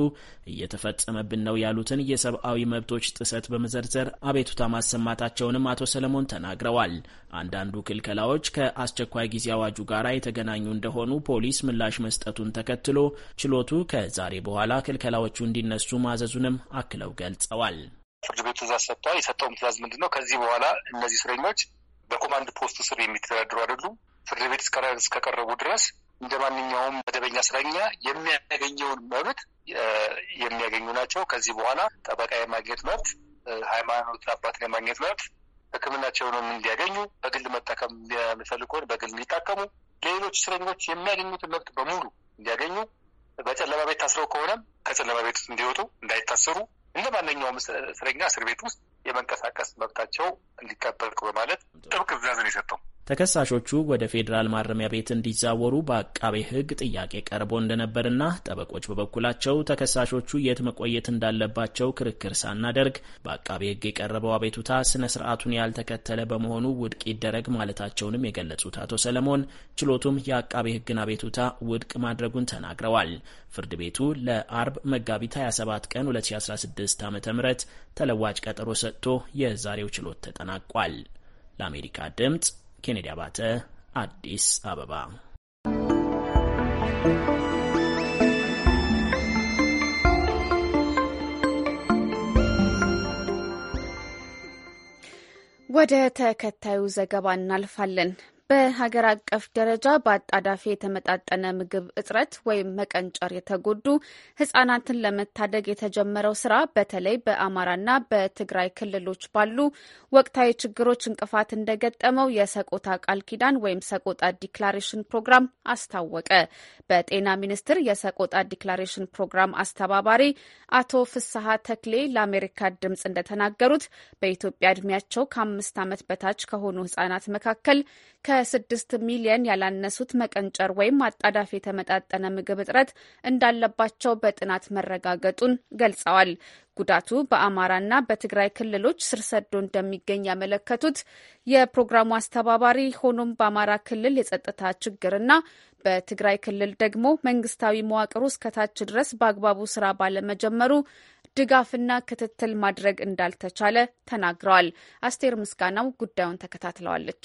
G: እየተፈጸመብን ነው ያሉትን የሰብአዊ መብቶች ጥሰት በመዘርዘር አቤቱታ ማሰማታቸውንም አቶ ሰለሞን ተናግረዋል። አንዳንዱ ክልከላዎች ከአስቸኳይ ጊዜ አዋጁ ጋር የተገናኙ እንደሆኑ ፖሊስ ምላሽ መስጠቱን ተከትሎ ችሎቱ ከዛሬ በኋላ ክልከላዎቹ እንዲነሱ ማዘዙንም አክለው ገልጸዋል።
F: ፍርድ ቤቱ ትእዛዝ ሰጥቷል። የሰጠውም ትእዛዝ ምንድን ነው? ከዚህ በኋላ እነዚህ እስረኞች በኮማንድ ፖስቱ ስር የሚተዳደሩ አይደሉም። ፍርድ ቤት እስከቀረቡ ድረስ እንደ ማንኛውም መደበኛ እስረኛ የሚያገኘውን መብት የሚያገኙ ናቸው። ከዚህ በኋላ ጠበቃ የማግኘት መብት፣ ሃይማኖት አባትን የማግኘት መብት፣ ሕክምናቸውንም እንዲያገኙ፣ በግል መታከም የሚፈልጉን በግል እንዲታከሙ፣ ሌሎች እስረኞች የሚያገኙትን መብት በሙሉ እንዲያገኙ፣ በጨለማ ቤት ታስረው ከሆነም ከጨለማ ቤት ውስጥ እንዲወጡ እንዳይታሰሩ፣ እንደ ማንኛውም እስረኛ እስር ቤት ውስጥ የመንቀሳቀስ መብታቸው እንዲጠበቅ በማለት ጥብቅ ትዕዛዝን
G: የሰጠው ተከሳሾቹ ወደ ፌዴራል ማረሚያ ቤት እንዲዛወሩ በአቃቤ ሕግ ጥያቄ ቀርቦ እንደነበርና ጠበቆች በበኩላቸው ተከሳሾቹ የት መቆየት እንዳለባቸው ክርክር ሳናደርግ በአቃቤ ሕግ የቀረበው አቤቱታ ስነ ስርዓቱን ያልተከተለ በመሆኑ ውድቅ ይደረግ ማለታቸውንም የገለጹት አቶ ሰለሞን ችሎቱም የአቃቤ ሕግን አቤቱታ ውድቅ ማድረጉን ተናግረዋል። ፍርድ ቤቱ ለአርብ መጋቢት 27 ቀን 2016 ዓ ም ተለዋጭ ቀጠሮ ሰጥቶ የዛሬው ችሎት ተጠናቋል። ለአሜሪካ ድምጽ ኬኔዲ አባተ አዲስ አበባ።
A: ወደ ተከታዩ ዘገባ እናልፋለን። በሀገር አቀፍ ደረጃ በአጣዳፊ የተመጣጠነ ምግብ እጥረት ወይም መቀንጨር የተጎዱ ህጻናትን ለመታደግ የተጀመረው ስራ በተለይ በአማራና በትግራይ ክልሎች ባሉ ወቅታዊ ችግሮች እንቅፋት እንደገጠመው የሰቆጣ ቃል ኪዳን ወይም ሰቆጣ ዲክላሬሽን ፕሮግራም አስታወቀ። በጤና ሚኒስቴር የሰቆጣ ዲክላሬሽን ፕሮግራም አስተባባሪ አቶ ፍስሀ ተክሌ ለአሜሪካ ድምጽ እንደተናገሩት በኢትዮጵያ እድሜያቸው ከአምስት ዓመት በታች ከሆኑ ህጻናት መካከል ከስድስት ሚሊየን ያላነሱት መቀንጨር ወይም አጣዳፊ የተመጣጠነ ምግብ እጥረት እንዳለባቸው በጥናት መረጋገጡን ገልጸዋል። ጉዳቱ በአማራና በትግራይ ክልሎች ስር ሰዶ እንደሚገኝ ያመለከቱት የፕሮግራሙ አስተባባሪ ሆኖም በአማራ ክልል የጸጥታ ችግርና በትግራይ ክልል ደግሞ መንግስታዊ መዋቅሩ እስከታች ድረስ በአግባቡ ስራ ባለመጀመሩ ድጋፍና ክትትል ማድረግ እንዳልተቻለ ተናግረዋል። አስቴር ምስጋናው ጉዳዩን ተከታትለዋለች።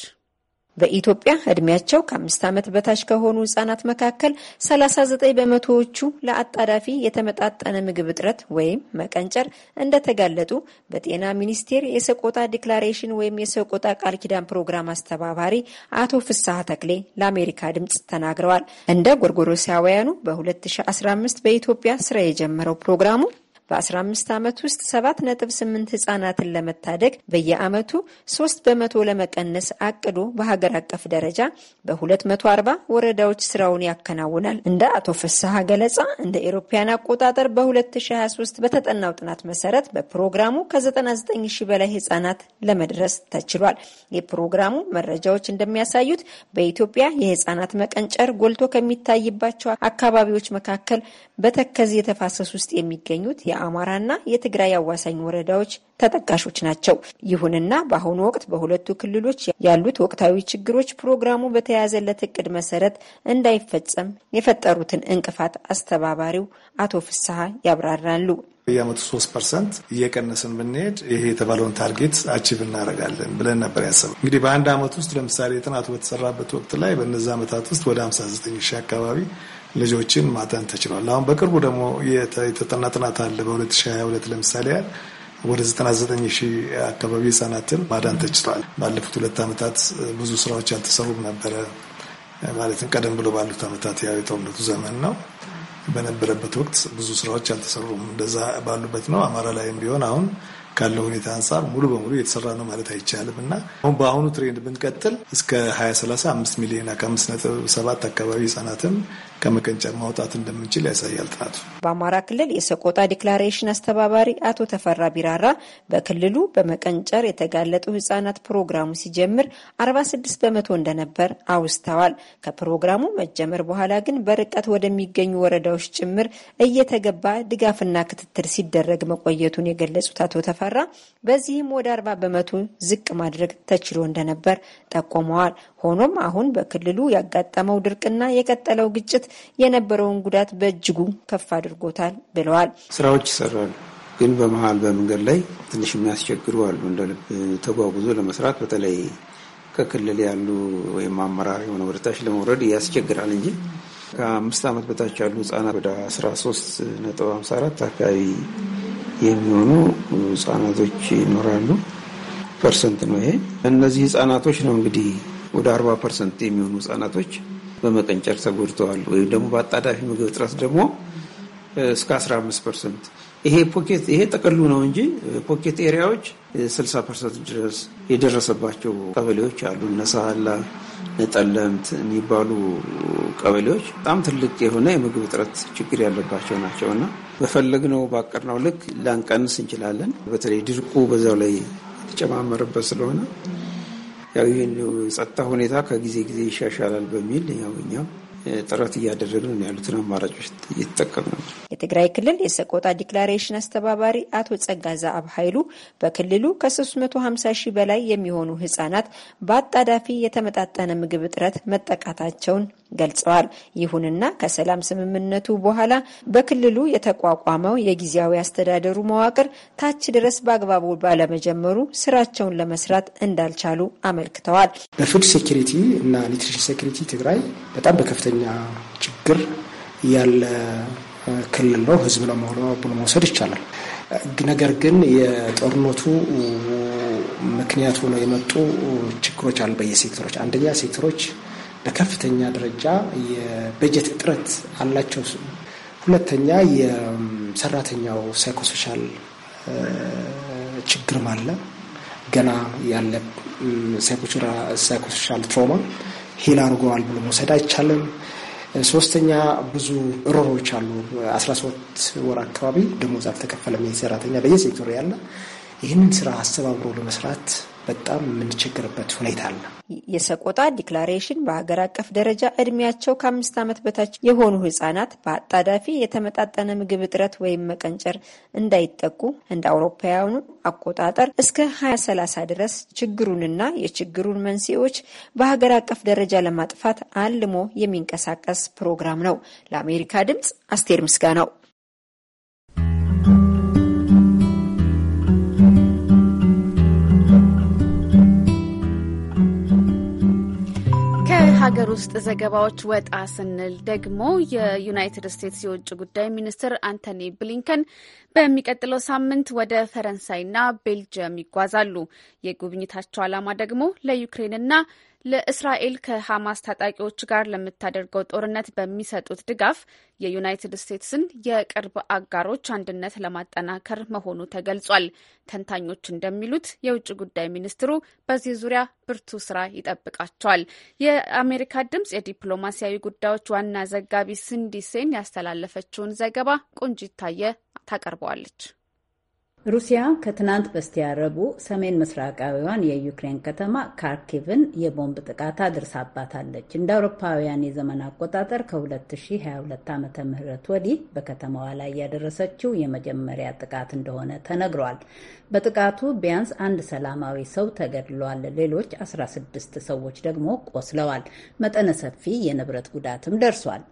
H: በኢትዮጵያ እድሜያቸው ከአምስት ዓመት በታች ከሆኑ ህጻናት መካከል 39 በመቶዎቹ ለአጣዳፊ የተመጣጠነ ምግብ እጥረት ወይም መቀንጨር እንደተጋለጡ በጤና ሚኒስቴር የሰቆጣ ዲክላሬሽን ወይም የሰቆጣ ቃል ኪዳን ፕሮግራም አስተባባሪ አቶ ፍስሐ ተክሌ ለአሜሪካ ድምጽ ተናግረዋል። እንደ ጎርጎሮሳውያኑ በ2015 በኢትዮጵያ ስራ የጀመረው ፕሮግራሙ በ15 ዓመት ውስጥ 7.8 ህጻናትን ለመታደግ በየዓመቱ 3 በመቶ ለመቀነስ አቅዶ በሀገር አቀፍ ደረጃ በ240 ወረዳዎች ስራውን ያከናውናል። እንደ አቶ ፍስሐ ገለጻ እንደ ኤሮፓያን አቆጣጠር በ2023 በተጠናው ጥናት መሰረት በፕሮግራሙ ከ99 ሺ በላይ ህጻናት ለመድረስ ተችሏል። የፕሮግራሙ መረጃዎች እንደሚያሳዩት በኢትዮጵያ የህጻናት መቀንጨር ጎልቶ ከሚታይባቸው አካባቢዎች መካከል በተከዝ የተፋሰስ ውስጥ የሚገኙት የአማራና የትግራይ አዋሳኝ ወረዳዎች ተጠቃሾች ናቸው። ይሁንና በአሁኑ ወቅት በሁለቱ ክልሎች ያሉት ወቅታዊ ችግሮች ፕሮግራሙ በተያዘለት እቅድ መሰረት እንዳይፈጸም የፈጠሩትን እንቅፋት አስተባባሪው አቶ ፍስሐ ያብራራሉ።
I: በየአመቱ ሶስት ፐርሰንት እየቀነስን ብንሄድ ይሄ የተባለውን ታርጌት አቺቭ እናደርጋለን ብለን ነበር ያሰብ። እንግዲህ በአንድ አመት ውስጥ ለምሳሌ ጥናቱ በተሰራበት ወቅት ላይ በነዚ አመታት ውስጥ ወደ 59 ሺህ አካባቢ ልጆችን ማጠን ተችሏል። አሁን በቅርቡ ደግሞ የተጠና ጥናት አለ። በ2022 ለምሳሌ ያህል ወደ 99 ሺህ አካባቢ ህጻናትን ማዳን ተችሏል። ባለፉት ሁለት ዓመታት ብዙ ስራዎች አልተሰሩም ነበረ። ማለትም ቀደም ብሎ ባሉት ዓመታት ያው የጦርነቱ ዘመን ነው በነበረበት ወቅት ብዙ ስራዎች አልተሰሩም። እንደዛ ባሉበት ነው አማራ ላይም ቢሆን አሁን ካለው ሁኔታ አንጻር ሙሉ በሙሉ የተሰራ ነው ማለት አይቻልም እና አሁን በአሁኑ ትሬንድ ብንቀጥል እስከ 2035 ሚሊዮን ከ ነጥብ 7 አካባቢ ህጻናትን ከመቀንጨር ማውጣት እንደምንችል ያሳያል ጥናቱ።
H: በአማራ ክልል የሰቆጣ ዲክላሬሽን አስተባባሪ አቶ ተፈራ ቢራራ በክልሉ በመቀንጨር የተጋለጡ ህጻናት ፕሮግራሙ ሲጀምር 46 በመቶ እንደነበር አውስተዋል። ከፕሮግራሙ መጀመር በኋላ ግን በርቀት ወደሚገኙ ወረዳዎች ጭምር እየተገባ ድጋፍና ክትትል ሲደረግ መቆየቱን የገለጹት አቶ ተፈራ በዚህም ወደ 40 በመቶ ዝቅ ማድረግ ተችሎ እንደነበር ጠቁመዋል። ሆኖም አሁን በክልሉ ያጋጠመው ድርቅና የቀጠለው ግጭት የነበረውን ጉዳት በእጅጉ ከፍ አድርጎታል ብለዋል።
J: ስራዎች ይሰራሉ፣ ግን በመሀል በመንገድ ላይ ትንሽ የሚያስቸግሩ አሉ። እንደ ልብ ተጓጉዞ ለመስራት በተለይ ከክልል ያሉ ወይም አመራር የሆነ ወደታች ለመውረድ ያስቸግራል እንጂ ከአምስት ዓመት በታች ያሉ ህጻናት ወደ ሶስት ነጥብ 54 አካባቢ የሚሆኑ ህጻናቶች ይኖራሉ። ፐርሰንት ነው ይሄ። እነዚህ ህጻናቶች ነው እንግዲህ ወደ አርባ ፐርሰንት የሚሆኑ ህጻናቶች በመቀንጨር ተጎድተዋል። ወይም ደግሞ በአጣዳፊ ምግብ እጥረት ደግሞ እስከ 15 ፐርሰንት ይሄ ፖኬት ይሄ ጥቅሉ ነው እንጂ ፖኬት ኤሪያዎች 60 ፐርሰንት ድረስ የደረሰባቸው ቀበሌዎች አሉ። ነሳላ ነጠለምት የሚባሉ ቀበሌዎች በጣም ትልቅ የሆነ የምግብ እጥረት ችግር ያለባቸው ናቸው እና በፈለግነው ባቀድነው ልክ ላንቀንስ እንችላለን። በተለይ ድርቁ በዛው ላይ የተጨማመረበት ስለሆነ ያው ይህን ጸጥታ ሁኔታ ከጊዜ ጊዜ ይሻሻላል በሚል ያው እኛም ጥረት እያደረግን ነው ያሉትን አማራጮች እየተጠቀም ነው።
H: የትግራይ ክልል የሰቆጣ ዲክላሬሽን አስተባባሪ አቶ ጸጋዛ አብ ኃይሉ በክልሉ ከ350 ሺህ በላይ የሚሆኑ ህጻናት በአጣዳፊ የተመጣጠነ ምግብ እጥረት መጠቃታቸውን ገልጸዋል። ይሁንና ከሰላም ስምምነቱ በኋላ በክልሉ የተቋቋመው የጊዜያዊ አስተዳደሩ መዋቅር ታች ድረስ በአግባቡ ባለመጀመሩ ስራቸውን ለመስራት እንዳልቻሉ አመልክተዋል። በፉድ ሴኪሪቲ
I: እና ኒትሪሽን ሴኪሪቲ ትግራይ በጣም በከፍተኛ ችግር
K: ያለ ክልል ነው፣ ህዝብ ነው መሆኑ ብሎ መውሰድ ይቻላል። ነገር
I: ግን የጦርነቱ ምክንያት ሆነው የመጡ ችግሮች አሉ በየሴክተሮች አንደኛ ሴክተሮች በከፍተኛ ደረጃ የበጀት እጥረት አላቸው። ሁለተኛ የሰራተኛው ሳይኮሶሻል ችግርም አለ። ገና ያለ
K: ሳይኮሶሻል ትሮማ ሂል አድርገዋል ብሎ መውሰድ አይቻልም። ሶስተኛ ብዙ
I: እሮሮች አሉ። አስራ ሶስት ወር አካባቢ ደሞዝ አልተከፈለም ሰራተኛ በየሴክተሩ ያለ ይህንን ስራ አስተባብሮ ለመስራት በጣም የምንቸግርበት ሁኔታ አለ።
H: የሰቆጣ ዲክላሬሽን በሀገር አቀፍ ደረጃ እድሜያቸው ከአምስት ዓመት በታች የሆኑ ህጻናት በአጣዳፊ የተመጣጠነ ምግብ እጥረት ወይም መቀንጨር እንዳይጠቁ እንደ አውሮፓውያኑ አቆጣጠር እስከ 2030 ድረስ ችግሩንና የችግሩን መንስኤዎች በሀገር አቀፍ ደረጃ ለማጥፋት አልሞ የሚንቀሳቀስ ፕሮግራም ነው። ለአሜሪካ ድምጽ አስቴር ነው።
A: ከሀገር ውስጥ ዘገባዎች ወጣ ስንል ደግሞ የዩናይትድ ስቴትስ የውጭ ጉዳይ ሚኒስትር አንቶኒ ብሊንከን በሚቀጥለው ሳምንት ወደ ፈረንሳይና ቤልጅየም ይጓዛሉ። የጉብኝታቸው ዓላማ ደግሞ ለዩክሬንና ለእስራኤል ከሐማስ ታጣቂዎች ጋር ለምታደርገው ጦርነት በሚሰጡት ድጋፍ የዩናይትድ ስቴትስን የቅርብ አጋሮች አንድነት ለማጠናከር መሆኑ ተገልጿል። ተንታኞች እንደሚሉት የውጭ ጉዳይ ሚኒስትሩ በዚህ ዙሪያ ብርቱ ስራ ይጠብቃቸዋል። የአሜሪካ ድምጽ የዲፕሎማሲያዊ ጉዳዮች ዋና ዘጋቢ ስንዲ ሴን ያስተላለፈችውን ዘገባ ቆንጂት ታየ ታቀርበዋለች።
L: ሩሲያ ከትናንት በስቲያ ረቡዕ ሰሜን ምስራቃዊዋን የዩክሬን ከተማ ካርኪቭን የቦምብ ጥቃት አድርሳባታለች። እንደ አውሮፓውያን የዘመን አቆጣጠር ከ2022 ዓ ም ወዲህ በከተማዋ ላይ ያደረሰችው የመጀመሪያ ጥቃት እንደሆነ ተነግሯል። በጥቃቱ ቢያንስ አንድ ሰላማዊ ሰው ተገድሏል፣ ሌሎች 16 ሰዎች ደግሞ ቆስለዋል። መጠነ ሰፊ የንብረት ጉዳትም ደርሷል።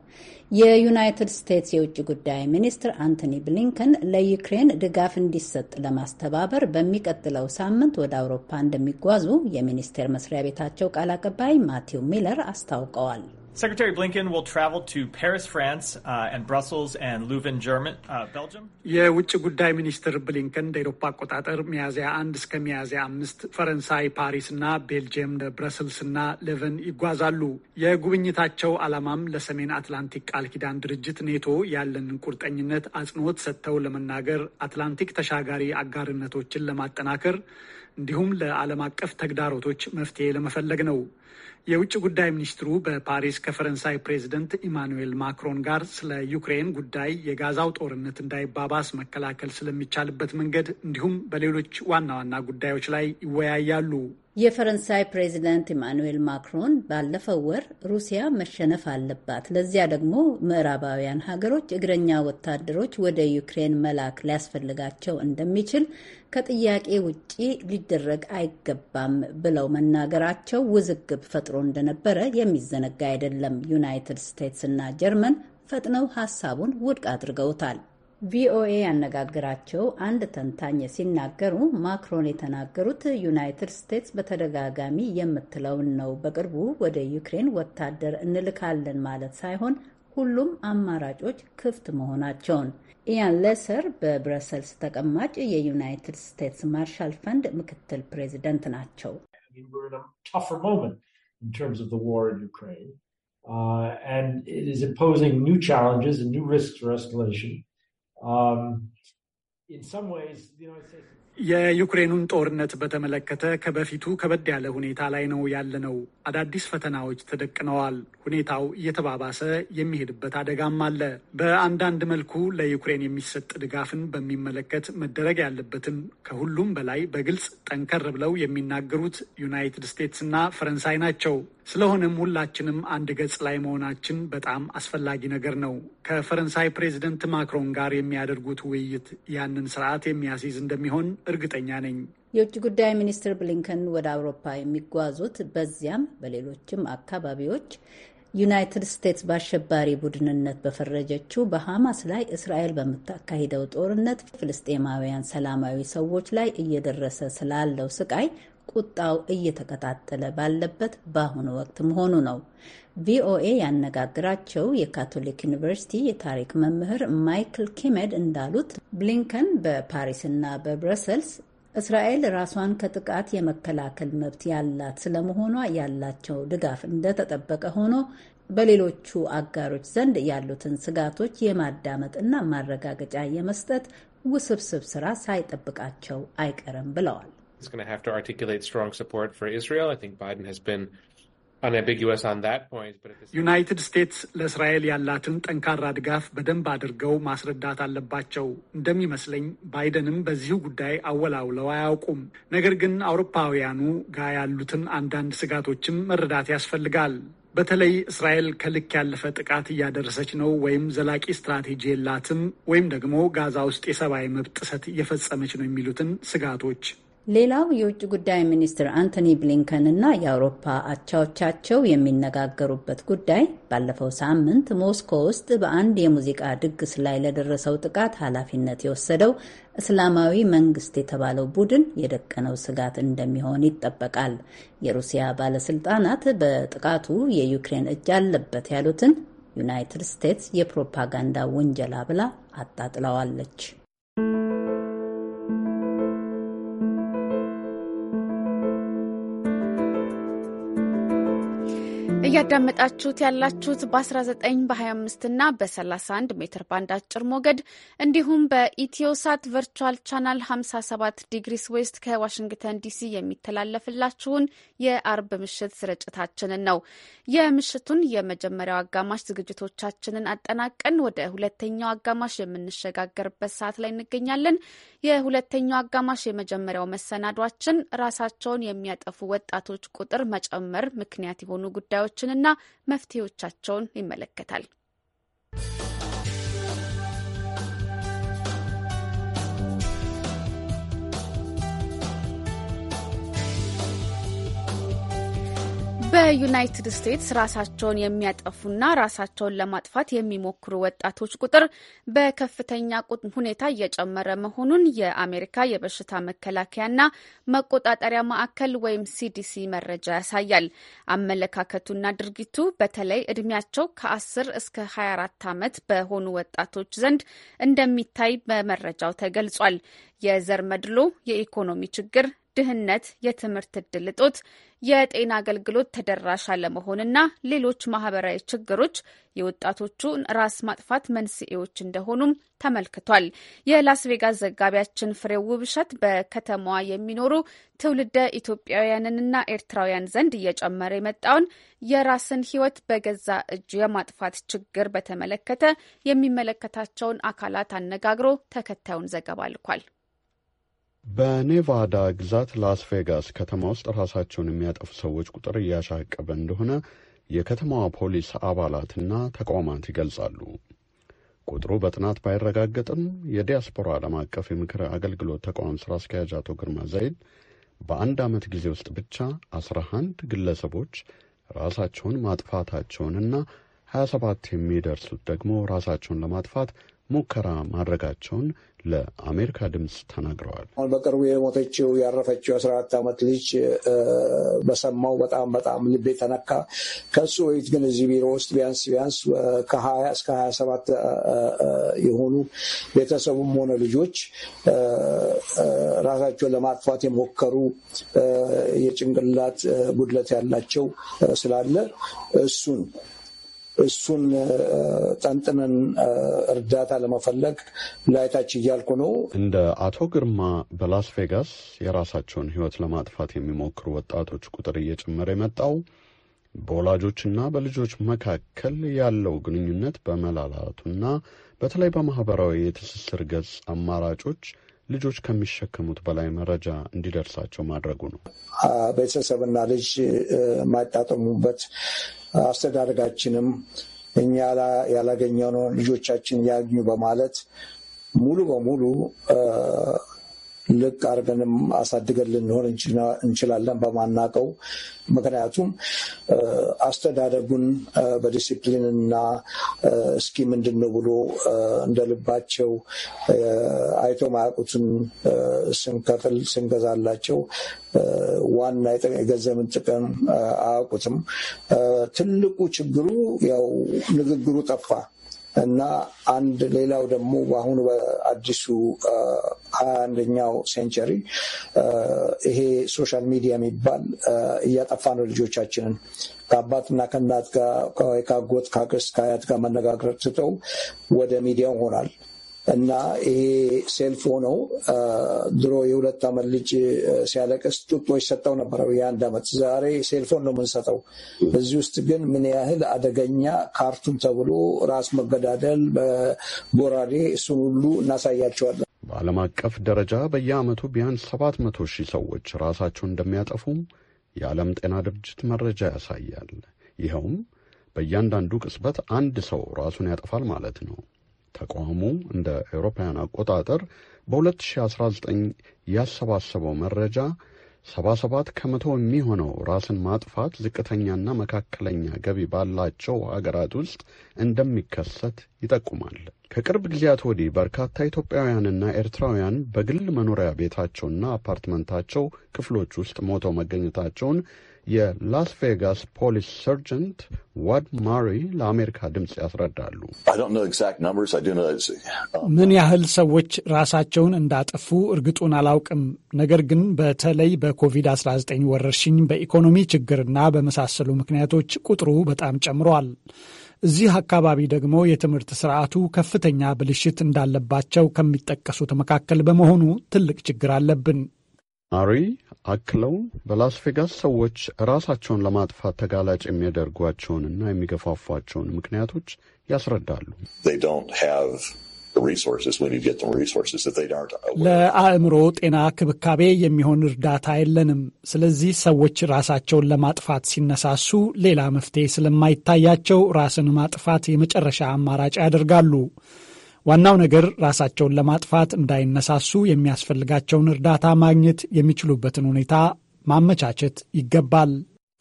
L: የዩናይትድ ስቴትስ የውጭ ጉዳይ ሚኒስትር አንቶኒ ብሊንከን ለዩክሬን ድጋፍ እንዲሰጥ ለማስተባበር በሚቀጥለው ሳምንት ወደ አውሮፓ እንደሚጓዙ የሚኒስቴር መስሪያ ቤታቸው ቃል አቀባይ ማቲው ሚለር አስታውቀዋል።
K: Secretary Blinken will travel to Paris, France, uh, and Brussels and Leuven, German, uh, Belgium. የውጭ ጉዳይ ሚኒስትር ብሊንከን እንደ ኤሮፓ አቆጣጠር ሚያዝያ አንድ እስከ ሚያዝያ አምስት ፈረንሳይ ፓሪስ እና ቤልጅየም ብረስልስ እና ሌቨን ይጓዛሉ። የጉብኝታቸው ዓላማም ለሰሜን አትላንቲክ ቃል ኪዳን ድርጅት ኔቶ ያለንን ቁርጠኝነት አጽንኦት ሰጥተው ለመናገር አትላንቲክ ተሻጋሪ አጋርነቶችን ለማጠናከር እንዲሁም ለዓለም አቀፍ ተግዳሮቶች መፍትሄ ለመፈለግ ነው። የውጭ ጉዳይ ሚኒስትሩ በፓሪስ ከፈረንሳይ ፕሬዚደንት ኢማኑኤል ማክሮን ጋር ስለ ዩክሬን ጉዳይ፣ የጋዛው ጦርነት እንዳይባባስ መከላከል ስለሚቻልበት መንገድ እንዲሁም በሌሎች ዋና ዋና ጉዳዮች ላይ ይወያያሉ።
L: የፈረንሳይ ፕሬዚደንት ኢማኑዌል ማክሮን ባለፈው ወር ሩሲያ መሸነፍ አለባት፣ ለዚያ ደግሞ ምዕራባውያን ሀገሮች እግረኛ ወታደሮች ወደ ዩክሬን መላክ ሊያስፈልጋቸው እንደሚችል ከጥያቄ ውጪ ሊደረግ አይገባም ብለው መናገራቸው ውዝግብ ፈጥሮ እንደነበረ የሚዘነጋ አይደለም። ዩናይትድ ስቴትስ እና ጀርመን ፈጥነው ሀሳቡን ውድቅ አድርገውታል። ቪኦኤ ያነጋግራቸው አንድ ተንታኝ ሲናገሩ ማክሮን የተናገሩት ዩናይትድ ስቴትስ በተደጋጋሚ የምትለውን ነው። በቅርቡ ወደ ዩክሬን ወታደር እንልካለን ማለት ሳይሆን ሁሉም አማራጮች ክፍት መሆናቸውን። ኢያን ሌሰር በብረሰልስ ተቀማጭ የዩናይትድ ስቴትስ ማርሻል ፈንድ ምክትል ፕሬዚደንት ናቸው።
M: uh, Um, in some ways, the United
K: States የዩክሬኑን ጦርነት በተመለከተ ከበፊቱ ከበድ ያለ ሁኔታ ላይ ነው ያለነው። አዳዲስ ፈተናዎች ተደቅነዋል። ሁኔታው እየተባባሰ የሚሄድበት አደጋም አለ። በአንዳንድ መልኩ ለዩክሬን የሚሰጥ ድጋፍን በሚመለከት መደረግ ያለበትን ከሁሉም በላይ በግልጽ ጠንከር ብለው የሚናገሩት ዩናይትድ ስቴትስ እና ፈረንሳይ ናቸው። ስለሆነም ሁላችንም አንድ ገጽ ላይ መሆናችን በጣም አስፈላጊ ነገር ነው። ከፈረንሳይ ፕሬዚደንት ማክሮን ጋር የሚያደርጉት ውይይት ያንን ስርዓት የሚያስይዝ እንደሚሆን እርግጠኛ ነኝ።
L: የውጭ ጉዳይ ሚኒስትር ብሊንከን ወደ አውሮፓ የሚጓዙት በዚያም በሌሎችም አካባቢዎች ዩናይትድ ስቴትስ በአሸባሪ ቡድንነት በፈረጀችው በሐማስ ላይ እስራኤል በምታካሂደው ጦርነት ፍልስጤማውያን ሰላማዊ ሰዎች ላይ እየደረሰ ስላለው ስቃይ ቁጣው እየተቀጣጠለ ባለበት በአሁኑ ወቅት መሆኑ ነው። ቪኦኤ ያነጋግራቸው የካቶሊክ ዩኒቨርሲቲ የታሪክ መምህር ማይክል ኪሜድ እንዳሉት ብሊንከን በፓሪስና በብረሰልስ እስራኤል ራሷን ከጥቃት የመከላከል መብት ያላት ስለመሆኗ ያላቸው ድጋፍ እንደተጠበቀ ሆኖ በሌሎቹ አጋሮች ዘንድ ያሉትን ስጋቶች የማዳመጥ እና ማረጋገጫ የመስጠት ውስብስብ ስራ ሳይጠብቃቸው አይቀርም ብለዋል።
K: ዩናይትድ ስቴትስ ለእስራኤል ያላትን ጠንካራ ድጋፍ በደንብ አድርገው ማስረዳት አለባቸው። እንደሚመስለኝ ባይደንም በዚሁ ጉዳይ አወላውለው አያውቁም። ነገር ግን አውሮፓውያኑ ጋ ያሉትን አንዳንድ ስጋቶችም መረዳት ያስፈልጋል። በተለይ እስራኤል ከልክ ያለፈ ጥቃት እያደረሰች ነው ወይም ዘላቂ ስትራቴጂ የላትም ወይም ደግሞ ጋዛ ውስጥ የሰብአዊ መብት ጥሰት እየፈጸመች ነው የሚሉትን ስጋቶች
L: ሌላው የውጭ ጉዳይ ሚኒስትር አንቶኒ ብሊንከን እና የአውሮፓ አቻዎቻቸው የሚነጋገሩበት ጉዳይ ባለፈው ሳምንት ሞስኮ ውስጥ በአንድ የሙዚቃ ድግስ ላይ ለደረሰው ጥቃት ኃላፊነት የወሰደው እስላማዊ መንግስት የተባለው ቡድን የደቀነው ስጋት እንደሚሆን ይጠበቃል። የሩሲያ ባለስልጣናት በጥቃቱ የዩክሬን እጅ አለበት ያሉትን ዩናይትድ ስቴትስ የፕሮፓጋንዳ ውንጀላ ብላ አጣጥለዋለች።
A: እያዳመጣችሁት ያላችሁት በ19 በ25 እና በ31 ሜትር ባንድ አጭር ሞገድ እንዲሁም በኢትዮሳት ቨርቹዋል ቻናል 57 ዲግሪስ ዌስት ከዋሽንግተን ዲሲ የሚተላለፍላችሁን የአርብ ምሽት ስርጭታችንን ነው። የምሽቱን የመጀመሪያው አጋማሽ ዝግጅቶቻችንን አጠናቀን ወደ ሁለተኛው አጋማሽ የምንሸጋገርበት ሰዓት ላይ እንገኛለን። የሁለተኛው አጋማሽ የመጀመሪያው መሰናዷችን ራሳቸውን የሚያጠፉ ወጣቶች ቁጥር መጨመር ምክንያት የሆኑ ጉዳዮች። ችግሮችንና መፍትሄዎቻቸውን ይመለከታል። በዩናይትድ ስቴትስ ራሳቸውን የሚያጠፉና ራሳቸውን ለማጥፋት የሚሞክሩ ወጣቶች ቁጥር በከፍተኛ ሁኔታ እየጨመረ መሆኑን የአሜሪካ የበሽታ መከላከያና መቆጣጠሪያ ማዕከል ወይም ሲዲሲ መረጃ ያሳያል። አመለካከቱና ድርጊቱ በተለይ እድሜያቸው ከ10 እስከ 24 ዓመት በሆኑ ወጣቶች ዘንድ እንደሚታይ በመረጃው ተገልጿል። የዘር መድሎ፣ የኢኮኖሚ ችግር ድህነት፣ የትምህርት እድል እጦት፣ የጤና አገልግሎት ተደራሽ አለመሆንና ሌሎች ማህበራዊ ችግሮች የወጣቶቹን ራስ ማጥፋት መንስኤዎች እንደሆኑም ተመልክቷል። የላስ ቬጋስ ዘጋቢያችን ፍሬው ውብሸት በከተማዋ የሚኖሩ ትውልደ ኢትዮጵያውያንንና ኤርትራውያን ዘንድ እየጨመረ የመጣውን የራስን ህይወት በገዛ እጅ የማጥፋት ችግር በተመለከተ የሚመለከታቸውን አካላት አነጋግሮ ተከታዩን ዘገባ ልኳል።
N: በኔቫዳ ግዛት ላስ ቬጋስ ከተማ ውስጥ ራሳቸውን የሚያጠፉ ሰዎች ቁጥር እያሻቀበ እንደሆነ የከተማዋ ፖሊስ አባላትና ተቋማት ይገልጻሉ። ቁጥሩ በጥናት ባይረጋገጥም የዲያስፖራ ዓለም አቀፍ የምክር አገልግሎት ተቋም ሥራ አስኪያጅ አቶ ግርማ ዘይድ በአንድ ዓመት ጊዜ ውስጥ ብቻ አስራ አንድ ግለሰቦች ራሳቸውን ማጥፋታቸውንና ሀያ ሰባት የሚደርሱት ደግሞ ራሳቸውን ለማጥፋት ሙከራ ማድረጋቸውን ለአሜሪካ ድምፅ ተናግረዋል።
I: አሁን በቅርቡ የሞተችው ያረፈችው አስራ አራት ዓመት ልጅ በሰማው በጣም በጣም ልቤ ተነካ። ከሱ ወይት ግን እዚህ ቢሮ ውስጥ ቢያንስ ቢያንስ ከሀያ እስከ ሀያ ሰባት የሆኑ ቤተሰቡም ሆነ ልጆች ራሳቸውን ለማጥፋት የሞከሩ የጭንቅላት ጉድለት ያላቸው ስላለ እሱን እሱን ጠንጥነን እርዳታ ለመፈለግ ላይታች እያልኩ ነው።
N: እንደ አቶ ግርማ በላስ ቬጋስ የራሳቸውን ሕይወት ለማጥፋት የሚሞክሩ ወጣቶች ቁጥር እየጨመረ የመጣው በወላጆችና በልጆች መካከል ያለው ግንኙነት በመላላቱና በተለይ በማህበራዊ የትስስር ገጽ አማራጮች ልጆች ከሚሸከሙት በላይ መረጃ እንዲደርሳቸው ማድረጉ ነው።
I: ቤተሰብና ልጅ የማይጣጠሙበት አስተዳደጋችንም እኛ ያላገኘነው ልጆቻችን ያግኙ በማለት ሙሉ በሙሉ ልቅ አድርገንም አሳድገን ልንሆን እንችላለን በማናቀው። ምክንያቱም አስተዳደጉን በዲሲፕሊን እና እስኪ ምንድን ነው ብሎ እንደልባቸው አይቶ ማያውቁትን ስንከፍል ስንገዛላቸው ዋና የገንዘብን ጥቅም አያውቁትም። ትልቁ ችግሩ ያው ንግግሩ ጠፋ። እና አንድ ሌላው ደግሞ በአሁኑ በአዲሱ ሀያ አንደኛው ሴንቸሪ ይሄ ሶሻል ሚዲያ የሚባል እያጠፋ ነው ልጆቻችንን ከአባትና ከእናት ጋር ከአጎት ከአክስት ከአያት ጋር መነጋገር ትተው ወደ ሚዲያው ሆናል። እና ይሄ ሴልፍ ሆነው ድሮ የሁለት ዓመት ልጅ ሲያለቅስ ጡጦች ሰጠው ነበረው የአንድ ዓመት ዛሬ ሴልፎን ነው የምንሰጠው። እዚህ ውስጥ ግን ምን ያህል አደገኛ ካርቱን ተብሎ ራስ መገዳደል በጎራዴ እሱን ሁሉ እናሳያቸዋለን።
N: በዓለም አቀፍ ደረጃ በየዓመቱ ቢያንስ ሰባት መቶ ሺህ ሰዎች ራሳቸውን እንደሚያጠፉም የዓለም ጤና ድርጅት መረጃ ያሳያል። ይኸውም በእያንዳንዱ ቅጽበት አንድ ሰው ራሱን ያጠፋል ማለት ነው። ተቋሙ እንደ አውሮፓውያን አቆጣጠር በ2019 ያሰባሰበው መረጃ 77 ከመቶ የሚሆነው ራስን ማጥፋት ዝቅተኛና መካከለኛ ገቢ ባላቸው ሀገራት ውስጥ እንደሚከሰት ይጠቁማል። ከቅርብ ጊዜያት ወዲህ በርካታ ኢትዮጵያውያንና ኤርትራውያን በግል መኖሪያ ቤታቸውና አፓርትመንታቸው ክፍሎች ውስጥ ሞተው መገኘታቸውን የላስ ቬጋስ ፖሊስ ሰርጀንት ዋድ ማሪ ለአሜሪካ ድምፅ ያስረዳሉ።
I: uh,
K: ምን ያህል ሰዎች ራሳቸውን እንዳጠፉ እርግጡን አላውቅም። ነገር ግን በተለይ በኮቪድ-19 ወረርሽኝ፣ በኢኮኖሚ ችግርና በመሳሰሉ ምክንያቶች ቁጥሩ በጣም ጨምሯል። እዚህ አካባቢ ደግሞ የትምህርት ስርዓቱ ከፍተኛ ብልሽት እንዳለባቸው ከሚጠቀሱት መካከል በመሆኑ ትልቅ ችግር
N: አለብን። አሪ አክለው በላስ ቬጋስ ሰዎች ራሳቸውን ለማጥፋት ተጋላጭ የሚያደርጓቸውንና የሚገፋፏቸውን ምክንያቶች ያስረዳሉ።
K: ለአእምሮ ጤና ክብካቤ የሚሆን እርዳታ የለንም። ስለዚህ ሰዎች ራሳቸውን ለማጥፋት ሲነሳሱ ሌላ መፍትሄ ስለማይታያቸው ራስን ማጥፋት የመጨረሻ አማራጭ ያደርጋሉ። ዋናው ነገር ራሳቸውን ለማጥፋት እንዳይነሳሱ የሚያስፈልጋቸውን እርዳታ ማግኘት የሚችሉበትን ሁኔታ ማመቻቸት ይገባል።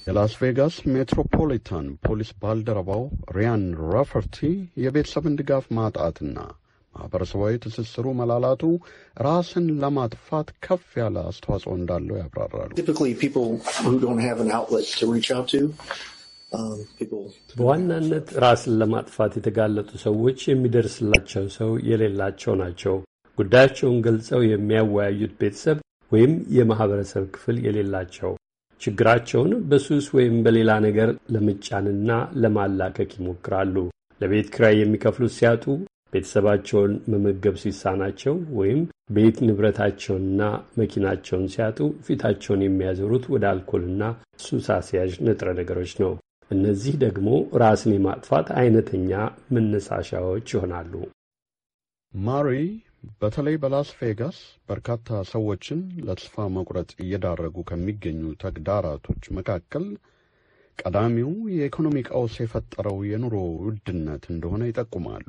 N: የላስ ቬጋስ ሜትሮፖሊታን ፖሊስ ባልደረባው ሪያን ራፈርቲ የቤተሰብን ድጋፍ ማጣትና ማህበረሰባዊ ትስስሩ መላላቱ ራስን ለማጥፋት ከፍ ያለ አስተዋጽኦ እንዳለው ያብራራሉ።
O: በዋናነት ራስን ለማጥፋት የተጋለጡ ሰዎች የሚደርስላቸው ሰው የሌላቸው ናቸው። ጉዳያቸውን ገልጸው የሚያወያዩት ቤተሰብ ወይም የማህበረሰብ ክፍል የሌላቸው ችግራቸውን በሱስ ወይም በሌላ ነገር ለመጫንና ለማላቀቅ ይሞክራሉ። ለቤት ክራይ የሚከፍሉት ሲያጡ፣ ቤተሰባቸውን መመገብ ሲሳናቸው ወይም ቤት ንብረታቸውንና መኪናቸውን ሲያጡ ፊታቸውን የሚያዞሩት ወደ አልኮልና ሱስ አስያዥ ንጥረ ነገሮች ነው። እነዚህ ደግሞ ራስን የማጥፋት አይነተኛ መነሳሻዎች ይሆናሉ።
N: ማሪ በተለይ በላስ ቬጋስ በርካታ ሰዎችን ለተስፋ መቁረጥ እየዳረጉ ከሚገኙ ተግዳራቶች መካከል ቀዳሚው የኢኮኖሚ ቀውስ የፈጠረው የኑሮ ውድነት እንደሆነ ይጠቁማሉ።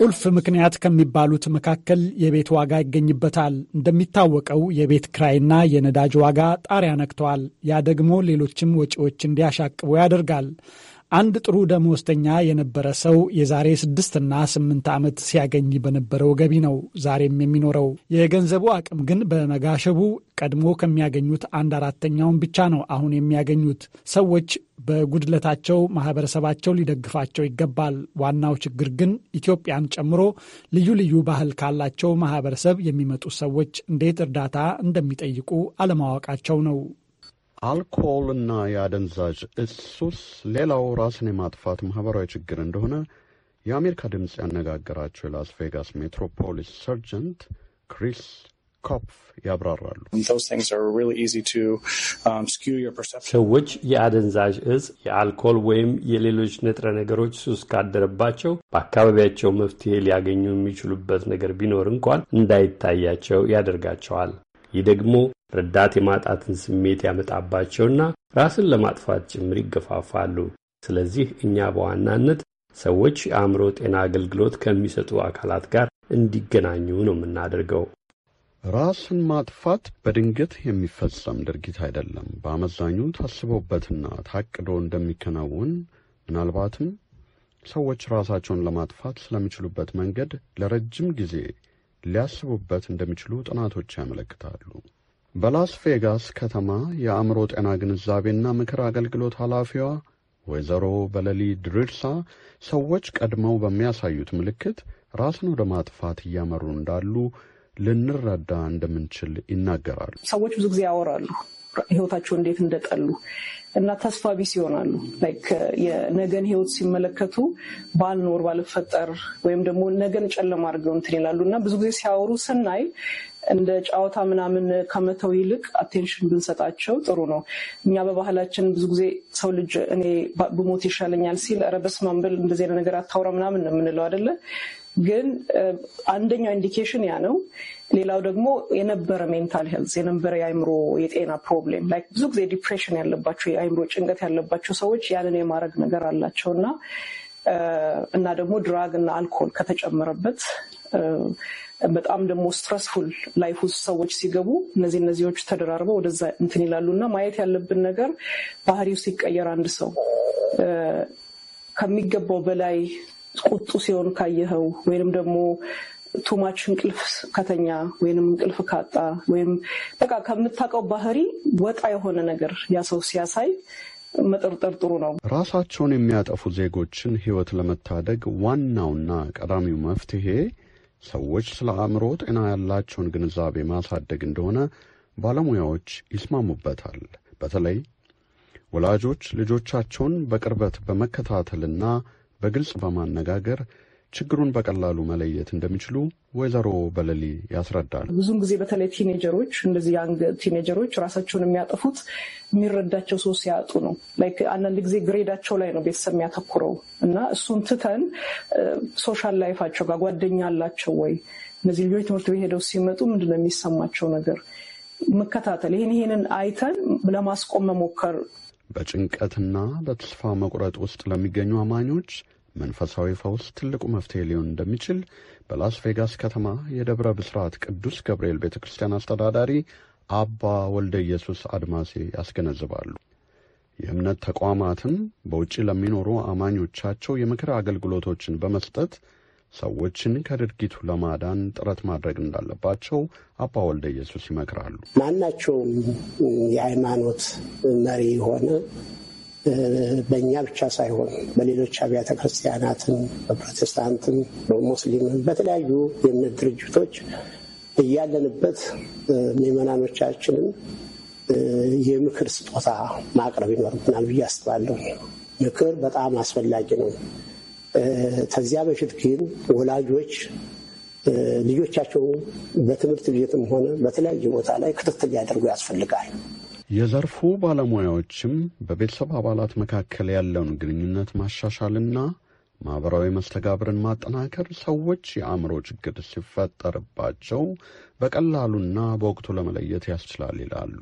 N: ቁልፍ
K: ምክንያት ከሚባሉት መካከል የቤት ዋጋ ይገኝበታል። እንደሚታወቀው የቤት ክራይና የነዳጅ ዋጋ ጣሪያ ነክተዋል። ያ ደግሞ ሌሎችም ወጪዎች እንዲያሻቅቡ ያደርጋል። አንድ ጥሩ ደመወዝተኛ የነበረ ሰው የዛሬ ስድስትና ስምንት ዓመት ሲያገኝ በነበረው ገቢ ነው ዛሬም የሚኖረው። የገንዘቡ አቅም ግን በመጋሸቡ ቀድሞ ከሚያገኙት አንድ አራተኛውን ብቻ ነው አሁን የሚያገኙት። ሰዎች በጉድለታቸው ማህበረሰባቸው ሊደግፋቸው ይገባል። ዋናው ችግር ግን ኢትዮጵያን ጨምሮ ልዩ ልዩ ባህል ካላቸው ማህበረሰብ የሚመጡ ሰዎች እንዴት እርዳታ እንደሚጠይቁ አለማወቃቸው ነው።
N: አልኮልና የአደንዛዥ እሱስ ሌላው ራስን የማጥፋት ማህበራዊ ችግር እንደሆነ የአሜሪካ ድምፅ ያነጋገራቸው የላስ ቬጋስ ሜትሮፖሊስ ሰርጀንት ክሪስ ኮፕፍ ያብራራሉ። um,
O: ሰዎች የአደንዛዥ እጽ፣ የአልኮል ወይም የሌሎች ንጥረ ነገሮች ሱስ ካደረባቸው በአካባቢያቸው መፍትሄ ሊያገኙ የሚችሉበት ነገር ቢኖር እንኳን እንዳይታያቸው ያደርጋቸዋል። ይህ ደግሞ ረዳት የማጣትን ስሜት ያመጣባቸውና ራስን ለማጥፋት ጭምር ይገፋፋሉ። ስለዚህ እኛ በዋናነት ሰዎች የአእምሮ ጤና አገልግሎት ከሚሰጡ አካላት ጋር እንዲገናኙ ነው የምናደርገው።
N: ራስን ማጥፋት በድንገት የሚፈጸም ድርጊት አይደለም። በአመዛኙ ታስቦበትና ታቅዶ እንደሚከናወን ምናልባትም ሰዎች ራሳቸውን ለማጥፋት ስለሚችሉበት መንገድ ለረጅም ጊዜ ሊያስቡበት እንደሚችሉ ጥናቶች ያመለክታሉ። በላስ ቬጋስ ከተማ የአእምሮ ጤና ግንዛቤና ምክር አገልግሎት ኃላፊዋ ወይዘሮ በለሊ ድርሳ ሰዎች ቀድመው በሚያሳዩት ምልክት ራስን ወደ ማጥፋት እያመሩ እንዳሉ
M: ልንረዳ
N: እንደምንችል ይናገራሉ።
M: ሰዎች ብዙ ጊዜ ያወራሉ ህይወታቸው እንዴት እንደጠሉ እና ተስፋ ቢስ ይሆናሉ። ላይክ uh, የነገን ህይወት ሲመለከቱ ባልኖር ባልፈጠር ወይም ደግሞ ነገን ጨለማ አድርገው እንትን ይላሉ እና ብዙ ጊዜ ሲያወሩ ስናይ እንደ ጨዋታ ምናምን ከመተው ይልቅ አቴንሽን ብንሰጣቸው ጥሩ ነው። እኛ በባህላችን ብዙ ጊዜ ሰው ልጅ እኔ ብሞት ይሻለኛል ሲል ኧረ በስመ አብ እንደዚህ ነገር አታውራ ምናምን ነው የምንለው አይደለ? ግን uh, አንደኛው ኢንዲኬሽን ያ ነው። ሌላው ደግሞ የነበረ ሜንታል ሄልዝ የነበረ የአይምሮ የጤና ፕሮብሌም ላይ ብዙ ጊዜ ዲፕሬሽን ያለባቸው የአይምሮ ጭንቀት ያለባቸው ሰዎች ያንን የማድረግ ነገር አላቸው እና እና ደግሞ ድራግ እና አልኮል ከተጨመረበት በጣም ደግሞ ስትረስፉል ላይፍ ውስጥ ሰዎች ሲገቡ እነዚህ እነዚዎቹ ተደራርበው ወደዛ እንትን ይላሉ እና ማየት ያለብን ነገር ባህሪው ሲቀየር አንድ ሰው ከሚገባው በላይ ቁጡ ሲሆን ካየኸው ወይንም ደግሞ ቱማች እንቅልፍ ከተኛ ወይም እንቅልፍ ካጣ ወይም በቃ ከምታውቀው ባህሪ ወጣ የሆነ ነገር ያ ሰው ሲያሳይ መጠርጠር ጥሩ ነው።
N: ራሳቸውን የሚያጠፉ ዜጎችን ሕይወት ለመታደግ ዋናውና ቀዳሚው መፍትሄ ሰዎች ስለ አእምሮ ጤና ያላቸውን ግንዛቤ ማሳደግ እንደሆነ ባለሙያዎች ይስማሙበታል። በተለይ ወላጆች ልጆቻቸውን በቅርበት በመከታተልና በግልጽ በማነጋገር ችግሩን በቀላሉ መለየት እንደሚችሉ ወይዘሮ በለሊ ያስረዳል።
M: ብዙን ጊዜ በተለይ ቲኔጀሮች እንደዚህ ያንግ ቲኔጀሮች ራሳቸውን የሚያጠፉት የሚረዳቸው ሰው ሲያጡ ነው። ላይክ አንዳንድ ጊዜ ግሬዳቸው ላይ ነው ቤተሰብ የሚያተኩረው እና እሱን ትተን ሶሻል ላይፋቸው ጋር ጓደኛ አላቸው ወይ፣ እነዚህ ልጆች ትምህርት ቤት ሄደው ሲመጡ ምንድነው የሚሰማቸው ነገር መከታተል፣ ይህን ይህንን አይተን ለማስቆም መሞከር
N: በጭንቀትና በተስፋ መቁረጥ ውስጥ ለሚገኙ አማኞች መንፈሳዊ ፈውስ ትልቁ መፍትሄ ሊሆን እንደሚችል በላስ ቬጋስ ከተማ የደብረ ብስራት ቅዱስ ገብርኤል ቤተ ክርስቲያን አስተዳዳሪ አባ ወልደ ኢየሱስ አድማሴ ያስገነዝባሉ። የእምነት ተቋማትም በውጭ ለሚኖሩ አማኞቻቸው የምክር አገልግሎቶችን በመስጠት ሰዎችን ከድርጊቱ ለማዳን ጥረት ማድረግ እንዳለባቸው አባ ወልደ ኢየሱስ ይመክራሉ።
I: ማናቸውም የሃይማኖት መሪ የሆነ በእኛ ብቻ ሳይሆን በሌሎች አብያተ ክርስቲያናትም፣ በፕሮቴስታንትም፣ በሙስሊምም በተለያዩ የእምነት ድርጅቶች እያለንበት ምዕመናኖቻችንን የምክር ስጦታ ማቅረብ ይኖርብናል ብዬ አስባለሁ። ምክር በጣም አስፈላጊ ነው። ከዚያ በፊት ግን ወላጆች ልጆቻቸው
P: በትምህርት ቤትም ሆነ በተለያየ ቦታ ላይ ክትትል ሊያደርጉ ያስፈልጋል።
N: የዘርፉ ባለሙያዎችም በቤተሰብ አባላት መካከል ያለውን ግንኙነት ማሻሻልና ማኅበራዊ መስተጋብርን ማጠናከር ሰዎች የአእምሮ ችግር ሲፈጠርባቸው በቀላሉና በወቅቱ ለመለየት ያስችላል ይላሉ።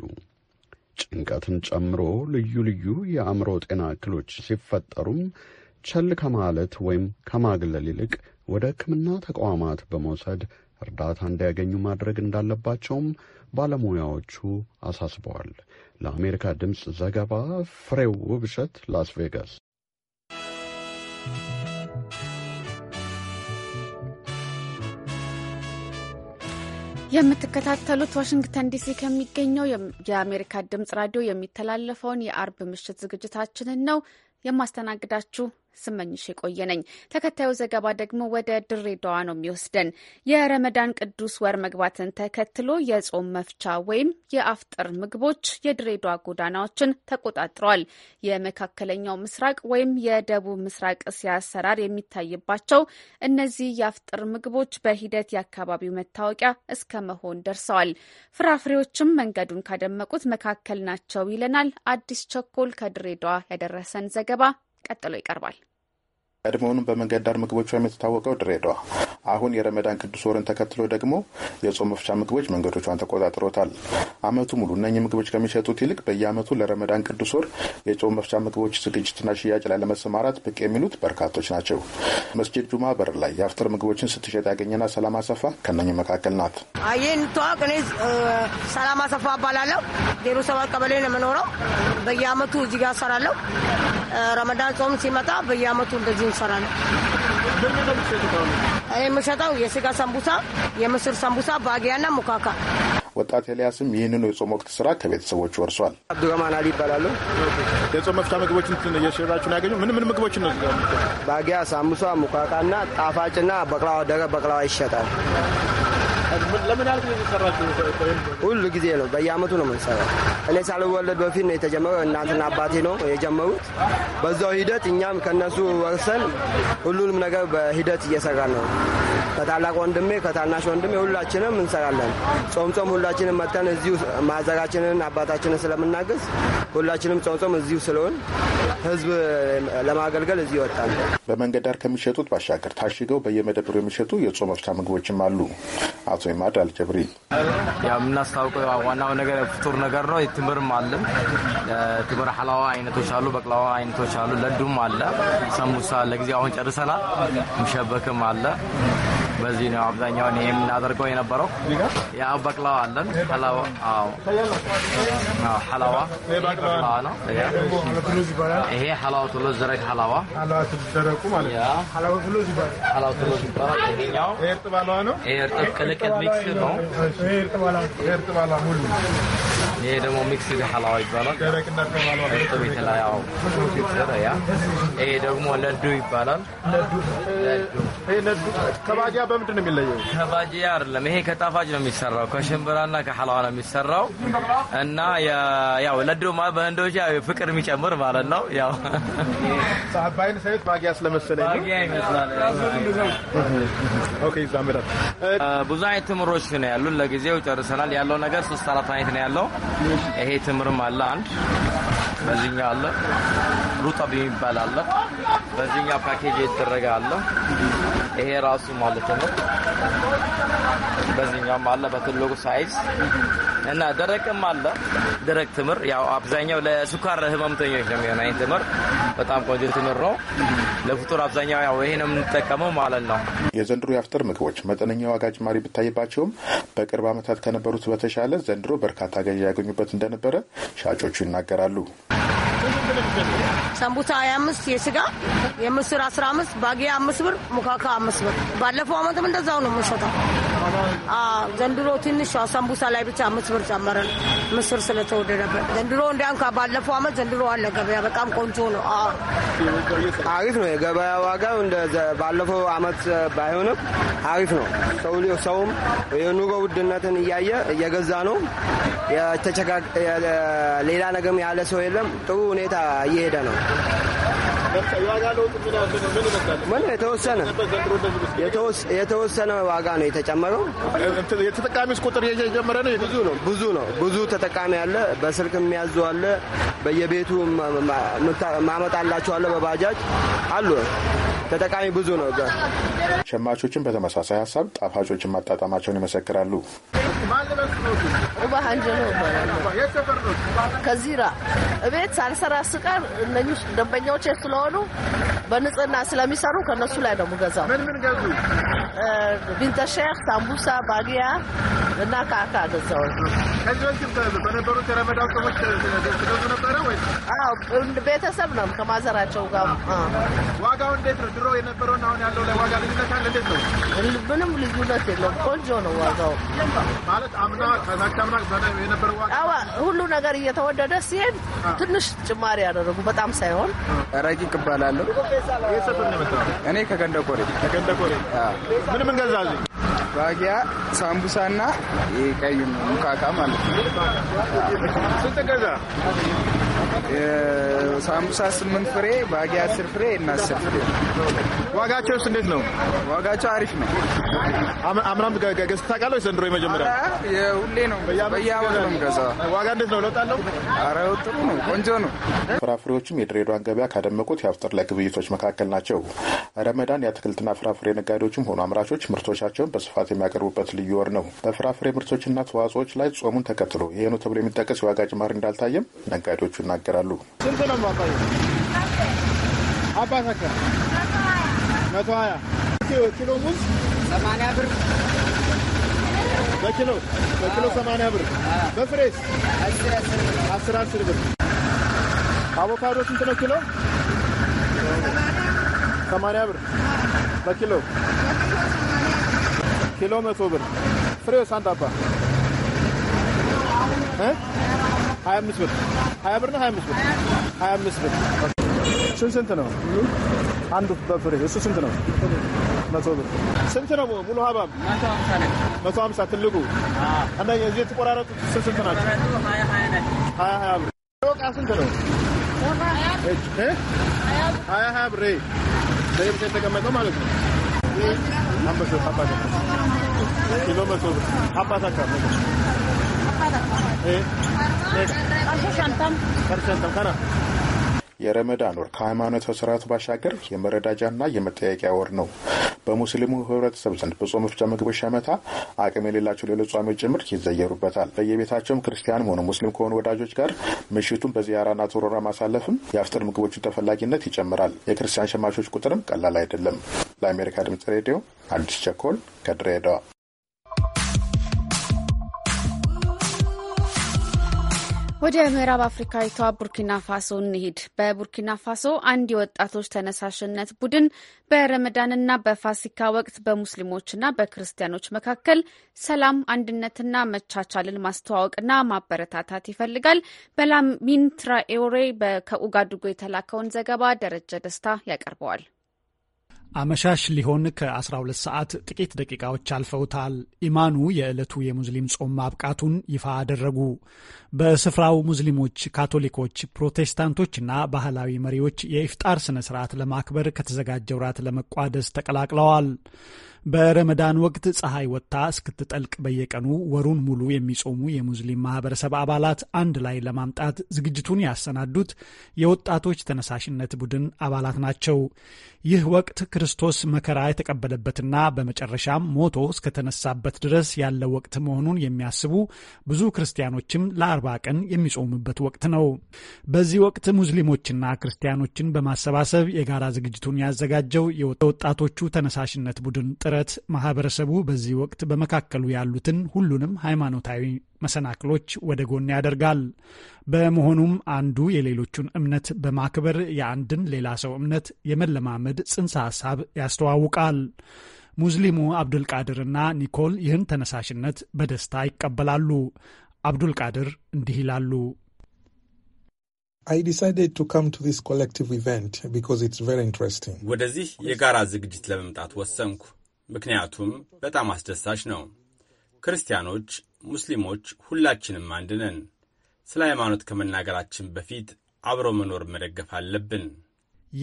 N: ጭንቀትን ጨምሮ ልዩ ልዩ የአእምሮ ጤና እክሎች ሲፈጠሩም ቸል ከማለት ወይም ከማግለል ይልቅ ወደ ሕክምና ተቋማት በመውሰድ እርዳታ እንዲያገኙ ማድረግ እንዳለባቸውም ባለሙያዎቹ አሳስበዋል። ለአሜሪካ ድምፅ ዘገባ ፍሬው ውብሸት ላስ ቬጋስ።
A: የምትከታተሉት ዋሽንግተን ዲሲ ከሚገኘው የአሜሪካ ድምፅ ራዲዮ የሚተላለፈውን የአርብ ምሽት ዝግጅታችንን ነው የማስተናግዳችሁ ስመኝሽ የቆየ ነኝ። ተከታዩ ዘገባ ደግሞ ወደ ድሬዳዋ ነው የሚወስደን። የረመዳን ቅዱስ ወር መግባትን ተከትሎ የጾም መፍቻ ወይም የአፍጥር ምግቦች የድሬዳዋ ጎዳናዎችን ተቆጣጥረዋል። የመካከለኛው ምስራቅ ወይም የደቡብ ምስራቅ እስያ አሰራር የሚታይባቸው እነዚህ የአፍጥር ምግቦች በሂደት የአካባቢው መታወቂያ እስከ መሆን ደርሰዋል። ፍራፍሬዎችም መንገዱን ካደመቁት መካከል ናቸው ይለናል አዲስ ቸኮል ከድሬዳዋ ያደረሰን ዘገባ ቀጥሎ ይቀርባል።
Q: ቀድሞውኑ በመንገድ ዳር ምግቦቿም የተታወቀው ድሬዳዋ አሁን የረመዳን ቅዱስ ወርን ተከትሎ ደግሞ የጾም መፍቻ ምግቦች መንገዶቿን ተቆጣጥሮታል። አመቱ ሙሉ እነኚህ ምግቦች ከሚሸጡት ይልቅ በየአመቱ ለረመዳን ቅዱስ ወር የጾም መፍቻ ምግቦች ዝግጅትና ሽያጭ ላይ ለመሰማራት ብቅ የሚሉት በርካቶች ናቸው። መስጂድ ጁማ በር ላይ የአፍጥር ምግቦችን ስትሸጥ ያገኘና ሰላም አሰፋ ከነኚህ መካከል ናት።
L: ይህን ተዋቅ እኔ ሰላም አሰፋ እባላለሁ። ዜሮ ሰባት ቀበሌ ነው የምኖረው። በየአመቱ እዚህ ጋር እሰራለሁ። ረመዳን ጾም ሲመጣ በየአመቱ እንደዚህ እንሰራለን። የምሰጠው የምሸጠው የስጋ ሳምቡሳ፣ የምስር ሰንቡሳ፣ ባጊያና ሙካካ።
Q: ወጣት ኤልያስም ይህንኑ የጾም ወቅት ስራ ከቤተሰቦች ወርሷል።
P: አብዱረማን አሊ ይባላሉ። የጾም መፍቻ
Q: ምግቦችን እየሸራችሁ ያገኙ? ምን ምን ምግቦችን ነው?
P: ባጊያ፣ ሳምቡሳ፣ ሙካካና ጣፋጭና በቅላዋ፣ ደረ በቅላዋ ይሸጣል። ሁሉ ጊዜ ነው። በየአመቱ ነው የምንሰራው። እኔ ሳልወለድ በፊት ነው የተጀመረው። እናትና አባቴ ነው የጀመሩት። በዛው ሂደት እኛም ከነሱ ወርሰን ሁሉንም ነገር በሂደት እየሰራ ነው። ከታላቅ ወንድሜ ከታናሽ ወንድሜ ሁላችንም እንሰራለን። ጾም ጾም ሁላችንም መጥተን እዚሁ ማዘራችንን አባታችንን ስለምናገዝ ሁላችንም ጾም ጾም እዚሁ ስለሆን ህዝብ ለማገልገል እዚህ ይወጣል።
Q: በመንገድ ዳር ከሚሸጡት ባሻገር ታሽገው በየመደብሩ የሚሸጡ የጾም መፍቻ ምግቦችም አሉ። አቶ ይማ ሳዕድ አልጀብሪ
R: የምናስታውቀው ዋናው ነገር ፍቱር ነገር ነው። ትምርም አለ ትምር ሐላዋ አይነቶች አሉ፣ በቅላዋ አይነቶች አሉ፣ ለዱም አለ፣ ሰሙሳ ለጊዜ አሁን ጨርሰናል። ምሸበክም አለ በዚህ ነው አብዛኛውን ይሄ የምናደርገው የነበረው። ያው በቅላዋ አለን በቅላዋ ነው ይሄ ሐላዋ ቱሎዝ ደረቅ ሐላዋ ሐላዋ እርጥብ ቅልቅል ሚክስ ነው። ይሄ ደግሞ ሚክስ ሐላዋ ይባላል። ይሄ ደግሞ ለዱ ይባላል። ለዱ
Q: ይሄ ለዱ ከባጃ በምንድን ነው የሚለየው?
R: ከባጂያ አይደለም። ይሄ ከጣፋጭ ነው የሚሰራው፣ ከሽምብራና ከሐላዋ ነው የሚሰራው እና ያው ለዱ ማለት በህንዶች ያው ፍቅር የሚጨምር ማለት ነው። ያው
Q: ሳባይን ሳይት ባጊያ ስለመሰለኝ ባጊያ ይመስላል። ኦኬ ዛምራት
R: ብዙ አይነት ትምሮች ነው ያሉን። ለጊዜው ጨርሰናል። ያለው ነገር ሶስት አራት አይነት ነው ያለው። ይሄ ትምርም አለ አንድ በዚህኛው አለ ሩጠብ የሚባል አለ። በዚህኛ ፓኬጅ የተደረገ አለ። ይሄ ራሱ ማለት ነው። በዚህኛውም አለ በትልቁ ሳይዝ እና ደረቅም አለ። ደረቅ ትምር ያው አብዛኛው ለስኳር ህመምተኞች ነው የሚሆነው። ይህ ትምር በጣም ቆንጆ ትምር ነው። ለፍጡር አብዛኛው ያው ይሄ ነው የምንጠቀመው ማለት ነው።
Q: የዘንድሮ የአፍጥር ምግቦች መጠነኛ ዋጋ ጭማሪ ብታይባቸውም በቅርብ ዓመታት ከነበሩት በተሻለ ዘንድሮ በርካታ ገዢ ያገኙበት እንደነበረ ሻጮቹ ይናገራሉ።
L: ሰንቡሳ 25 የስጋ የምስር 15 ባጊያ 5 ብር ሙካካ 5 ብር። ባለፈው አመትም እንደዛው ነው የምንሸጠው። ዘንድሮ ትንሽ ሰንቡሳ ላይ ብቻ አምስት ብር ጨመረን ምስር ስለተወደደበት። ዘንድሮ እንዲያም ባለፈው አመት ዘንድሮ አለ ገበያ በጣም ቆንጆ ነው።
P: አሪፍ ነው የገበያ ዋጋ እንደ ባለፈው አመት ባይሆንም አሪፍ ነው። ሰውም የኑሮ ውድነትን እያየ እየገዛ ነው። ሌላ ነገም ያለ ሰው የለም። ጥሩ ሁኔታ እየሄደ ነው። ምን የተወሰነ የተወሰነ ዋጋ ነው የተጨመረው። የተጠቃሚስ ቁጥር እየጨመረ ነው። ብዙ ነው ብዙ ነው ብዙ ተጠቃሚ አለ። በስልክ የሚያዙ አለ፣ በየቤቱ ማመጣላቸው አለ፣ በባጃጅ አሉ። ተጠቃሚ ብዙ ነው።
Q: ሸማቾችን በተመሳሳይ ሀሳብ ጣፋጮችን ማጣጣማቸውን ይመሰክራሉ።
L: ቁባ አንጀሎ ይባላል። ከዚህ እቤት ሳልሰራ ስቀር እነኚህ ደንበኞቼ ስለሆኑ በንጽህና ስለሚሰሩ ከእነሱ ላይ ነው የምገዛው። ገዙ? ሼክ፣ ሳምቡሳ፣ ባግያ እና ካካ ገዛው።
Q: በነበሩት የረመዳን ሰዎች ትገዙ
L: ቤተሰብ ነው ከማዘራቸው ጋር።
Q: ዋጋው እንዴት ነው? ድሮ የነበረውን አሁን ያለው ላይ ዋጋ ልዩነት አለ?
L: እንዴት ነው? ምንም ልዩነት የለውም። ቆንጆ ነው ዋጋው።
Q: ማለት አምና ከዛች አምና የነበረ
L: ሁሉ ነገር እየተወደደ ሲሄድ ትንሽ ጭማሪ ያደረጉ በጣም ሳይሆን። ረቂቅ እባላለሁ። እኔ
Q: ከገንደ ቆሬ ከገንደ ቆሬ ምን ምን እዚህ? ባጊያ፣
L: ሳምቡሳና
Q: ቀይ ሙካካ ማለት ነው። ስንት ገዛ? ሳምቡሳ ስምንት ፍሬ፣ ባጌ አስር ፍሬ እና አስር ፍሬ። ዋጋቸውስ እንዴት ነው? ዋጋቸው አሪፍ ነው። አምናም ገዝተህ ታውቃለህ? ዘንድሮ የመጀመሪያ ሁሌ ነው። በየዓመቱ ነው ዋጋ እንዴት ነው? ለውጥ አለው? ኧረ ጥሩ ነው፣ ቆንጆ ነው። ፍራፍሬዎችም የድሬዳዋን ገበያ ካደመቁት የአፍጥር ላይ ግብይቶች መካከል ናቸው። ረመዳን የአትክልትና ፍራፍሬ ነጋዴዎችም ሆኑ አምራቾች ምርቶቻቸውን በስፋት የሚያቀርቡበት ልዩ ወር ነው። በፍራፍሬ ምርቶችና ተዋጽኦዎች ላይ ጾሙን ተከትሎ ይህኑ ተብሎ የሚጠቀስ የዋጋ ጭማሪ እንዳልታየም ነጋዴዎቹ ናገ ይናገራሉ።
N: ስንት ነው አባዬ? አባት አካ መቶ ሀያ ኪሎ ሙዝ ሰማንያ ብር በኪሎ
Q: በኪሎ ሰማንያ ብር በፍሬስ አስር አስር ብር አቮካዶ ስንት ነው ኪሎ? ሰማንያ ብር በኪሎ ኪሎ መቶ ብር ፍሬስ አንድ አባ 25 ብር 20 ብር ነው። 25 ብር 25 ብር እሱን ስንት ነው? አንዱ በፍሬ እሱ ስንት ነው? መቶ ብር ስንት ነው? ሙሉ ሀባብ መቶ ሀምሳ ትልቁ እና የዚህ የተቆራረጡት ስንት ናቸው? ሀያ ሀያ ብር ዶቃ ስንት ነው? ሀያ ሀያ ብር በየብቻ የተቀመጠው ማለት ነው። አንበሶ አባታ ኪሎ መቶ ብር አባታ የረመዳን ወር ከሃይማኖታዊ ስርዓቱ ባሻገር የመረዳጃና የመጠያቂያ ወር ነው። በሙስሊሙ ህብረተሰብ ዘንድ በጾም መፍጫ ምግቦች ሸመታ አቅም የሌላቸው ሌሎች ጿሚዎች ጭምር ይዘየሩበታል። በየቤታቸውም ክርስቲያንም ሆነ ሙስሊም ከሆኑ ወዳጆች ጋር ምሽቱን በዚያራና ቶሮራ ማሳለፍም የአፍጥር ምግቦቹን ተፈላጊነት ይጨምራል። የክርስቲያን ሸማቾች ቁጥርም ቀላል አይደለም። ለአሜሪካ ድምጽ ሬዲዮ አዲስ ቸኮል ከድሬዳዋ
A: ወደ ምዕራብ አፍሪካዊቷ ቡርኪና ፋሶ እንሂድ። በቡርኪና ፋሶ አንድ የወጣቶች ተነሳሽነት ቡድን በረመዳንና በፋሲካ ወቅት በሙስሊሞችና በክርስቲያኖች መካከል ሰላም፣ አንድነትና መቻቻልን ማስተዋወቅና ማበረታታት ይፈልጋል። በላሚን ትራኦሬ ከኡጋዱጉ የተላከውን ዘገባ ደረጀ ደስታ ያቀርበዋል።
K: አመሻሽ ሊሆን ከ12 ሰዓት ጥቂት ደቂቃዎች አልፈውታል። ኢማኑ የዕለቱ የሙስሊም ጾም ማብቃቱን ይፋ አደረጉ። በስፍራው ሙስሊሞች፣ ካቶሊኮች፣ ፕሮቴስታንቶችና ባህላዊ መሪዎች የኢፍጣር ስነ ስርዓት ለማክበር ከተዘጋጀው ራት ለመቋደስ ተቀላቅለዋል። በረመዳን ወቅት ፀሐይ ወጥታ እስክትጠልቅ በየቀኑ ወሩን ሙሉ የሚጾሙ የሙስሊም ማህበረሰብ አባላት አንድ ላይ ለማምጣት ዝግጅቱን ያሰናዱት የወጣቶች ተነሳሽነት ቡድን አባላት ናቸው። ይህ ወቅት ክርስቶስ መከራ የተቀበለበትና በመጨረሻም ሞቶ እስከተነሳበት ድረስ ያለ ወቅት መሆኑን የሚያስቡ ብዙ ክርስቲያኖችም ለአርባ ቀን የሚጾሙበት ወቅት ነው። በዚህ ወቅት ሙስሊሞችና ክርስቲያኖችን በማሰባሰብ የጋራ ዝግጅቱን ያዘጋጀው የወጣቶቹ ተነሳሽነት ቡድን ጥረት ማህበረሰቡ በዚህ ወቅት በመካከሉ ያሉትን ሁሉንም ሃይማኖታዊ መሰናክሎች ወደ ጎን ያደርጋል። በመሆኑም አንዱ የሌሎቹን እምነት በማክበር የአንድን ሌላ ሰው እምነት የመለማመድ ጽንሰ ሐሳብ ያስተዋውቃል። ሙስሊሙ አብዱልቃድርና ኒኮል ይህን ተነሳሽነት በደስታ ይቀበላሉ። አብዱልቃድር እንዲህ ይላሉ።
S: ወደዚህ የጋራ ዝግጅት ለመምጣት ወሰንኩ። ምክንያቱም በጣም አስደሳች ነው። ክርስቲያኖች፣ ሙስሊሞች ሁላችንም አንድ ነን። ስለ ሃይማኖት ከመናገራችን በፊት አብሮ መኖር መደገፍ አለብን።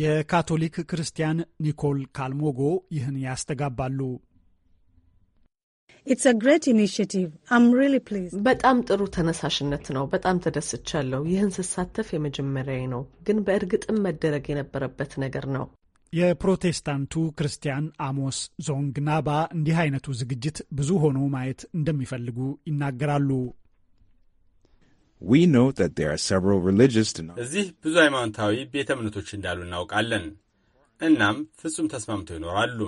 K: የካቶሊክ ክርስቲያን ኒኮል ካልሞጎ
M: ይህን ያስተጋባሉ። በጣም ጥሩ ተነሳሽነት ነው። በጣም ተደስቻለሁ። ይህን ስሳተፍ የመጀመሪያዬ ነው፣ ግን በእርግጥም መደረግ የነበረበት ነገር ነው።
K: የፕሮቴስታንቱ ክርስቲያን አሞስ ዞንግናባ እንዲህ አይነቱ ዝግጅት ብዙ ሆኖ ማየት እንደሚፈልጉ ይናገራሉ።
S: እዚህ ብዙ ሃይማኖታዊ ቤተ እምነቶች እንዳሉ እናውቃለን። እናም ፍጹም ተስማምተው ይኖራሉ።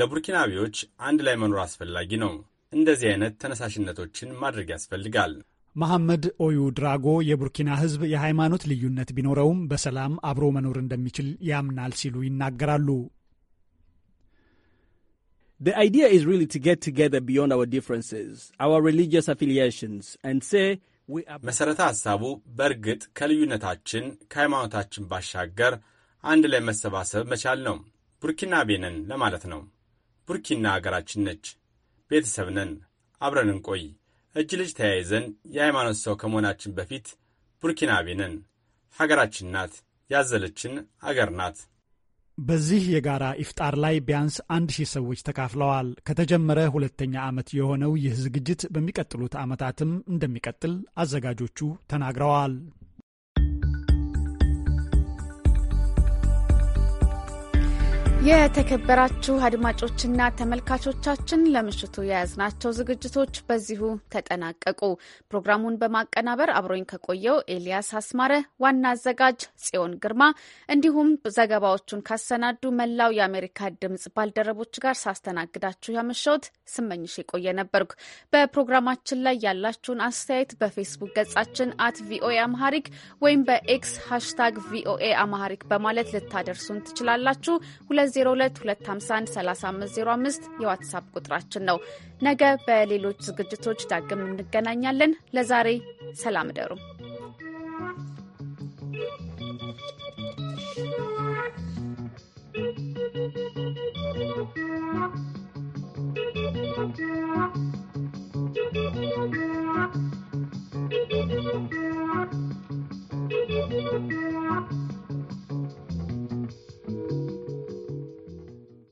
S: ለቡርኪናቤዎች አንድ ላይ መኖር አስፈላጊ ነው። እንደዚህ አይነት ተነሳሽነቶችን ማድረግ ያስፈልጋል።
K: መሐመድ ኦዩ ድራጎ የቡርኪና ሕዝብ የሃይማኖት ልዩነት ቢኖረውም በሰላም አብሮ መኖር እንደሚችል ያምናል ሲሉ ይናገራሉ።
G: The idea is really to get together beyond our differences, our religious affiliations, and say
S: መሰረተ ሐሳቡ በእርግጥ ከልዩነታችን ከሃይማኖታችን ባሻገር አንድ ላይ መሰባሰብ መቻል ነው። ቡርኪና ቤነን ለማለት ነው። ቡርኪና አገራችን ነች። ቤተሰብ ነን። አብረን እንቆይ እጅ ልጅ ተያይዘን የሃይማኖት ሰው ከመሆናችን በፊት ቡርኪናቤ ነን። ሀገራችን ናት፣ ያዘለችን አገር ናት።
K: በዚህ የጋራ ኢፍጣር ላይ ቢያንስ አንድ ሺህ ሰዎች ተካፍለዋል። ከተጀመረ ሁለተኛ ዓመት የሆነው ይህ ዝግጅት በሚቀጥሉት ዓመታትም እንደሚቀጥል አዘጋጆቹ ተናግረዋል።
A: የተከበራችሁ አድማጮችና ተመልካቾቻችን ለምሽቱ የያዝናቸው ዝግጅቶች በዚሁ ተጠናቀቁ። ፕሮግራሙን በማቀናበር አብሮኝ ከቆየው ኤልያስ አስማረ፣ ዋና አዘጋጅ ጽዮን ግርማ እንዲሁም ዘገባዎቹን ካሰናዱ መላው የአሜሪካ ድምጽ ባልደረቦች ጋር ሳስተናግዳችሁ ያመሸሁት ስመኝሽ የቆየ ነበርኩ። በፕሮግራማችን ላይ ያላችሁን አስተያየት በፌስቡክ ገጻችን አት ቪኦኤ አማሃሪክ ወይም በኤክስ ሃሽታግ ቪኦኤ አማሃሪክ በማለት ልታደርሱን ትችላላችሁ። 2022513505 የዋትሳፕ ቁጥራችን ነው። ነገ በሌሎች ዝግጅቶች ዳግም እንገናኛለን። ለዛሬ ሰላም
H: you.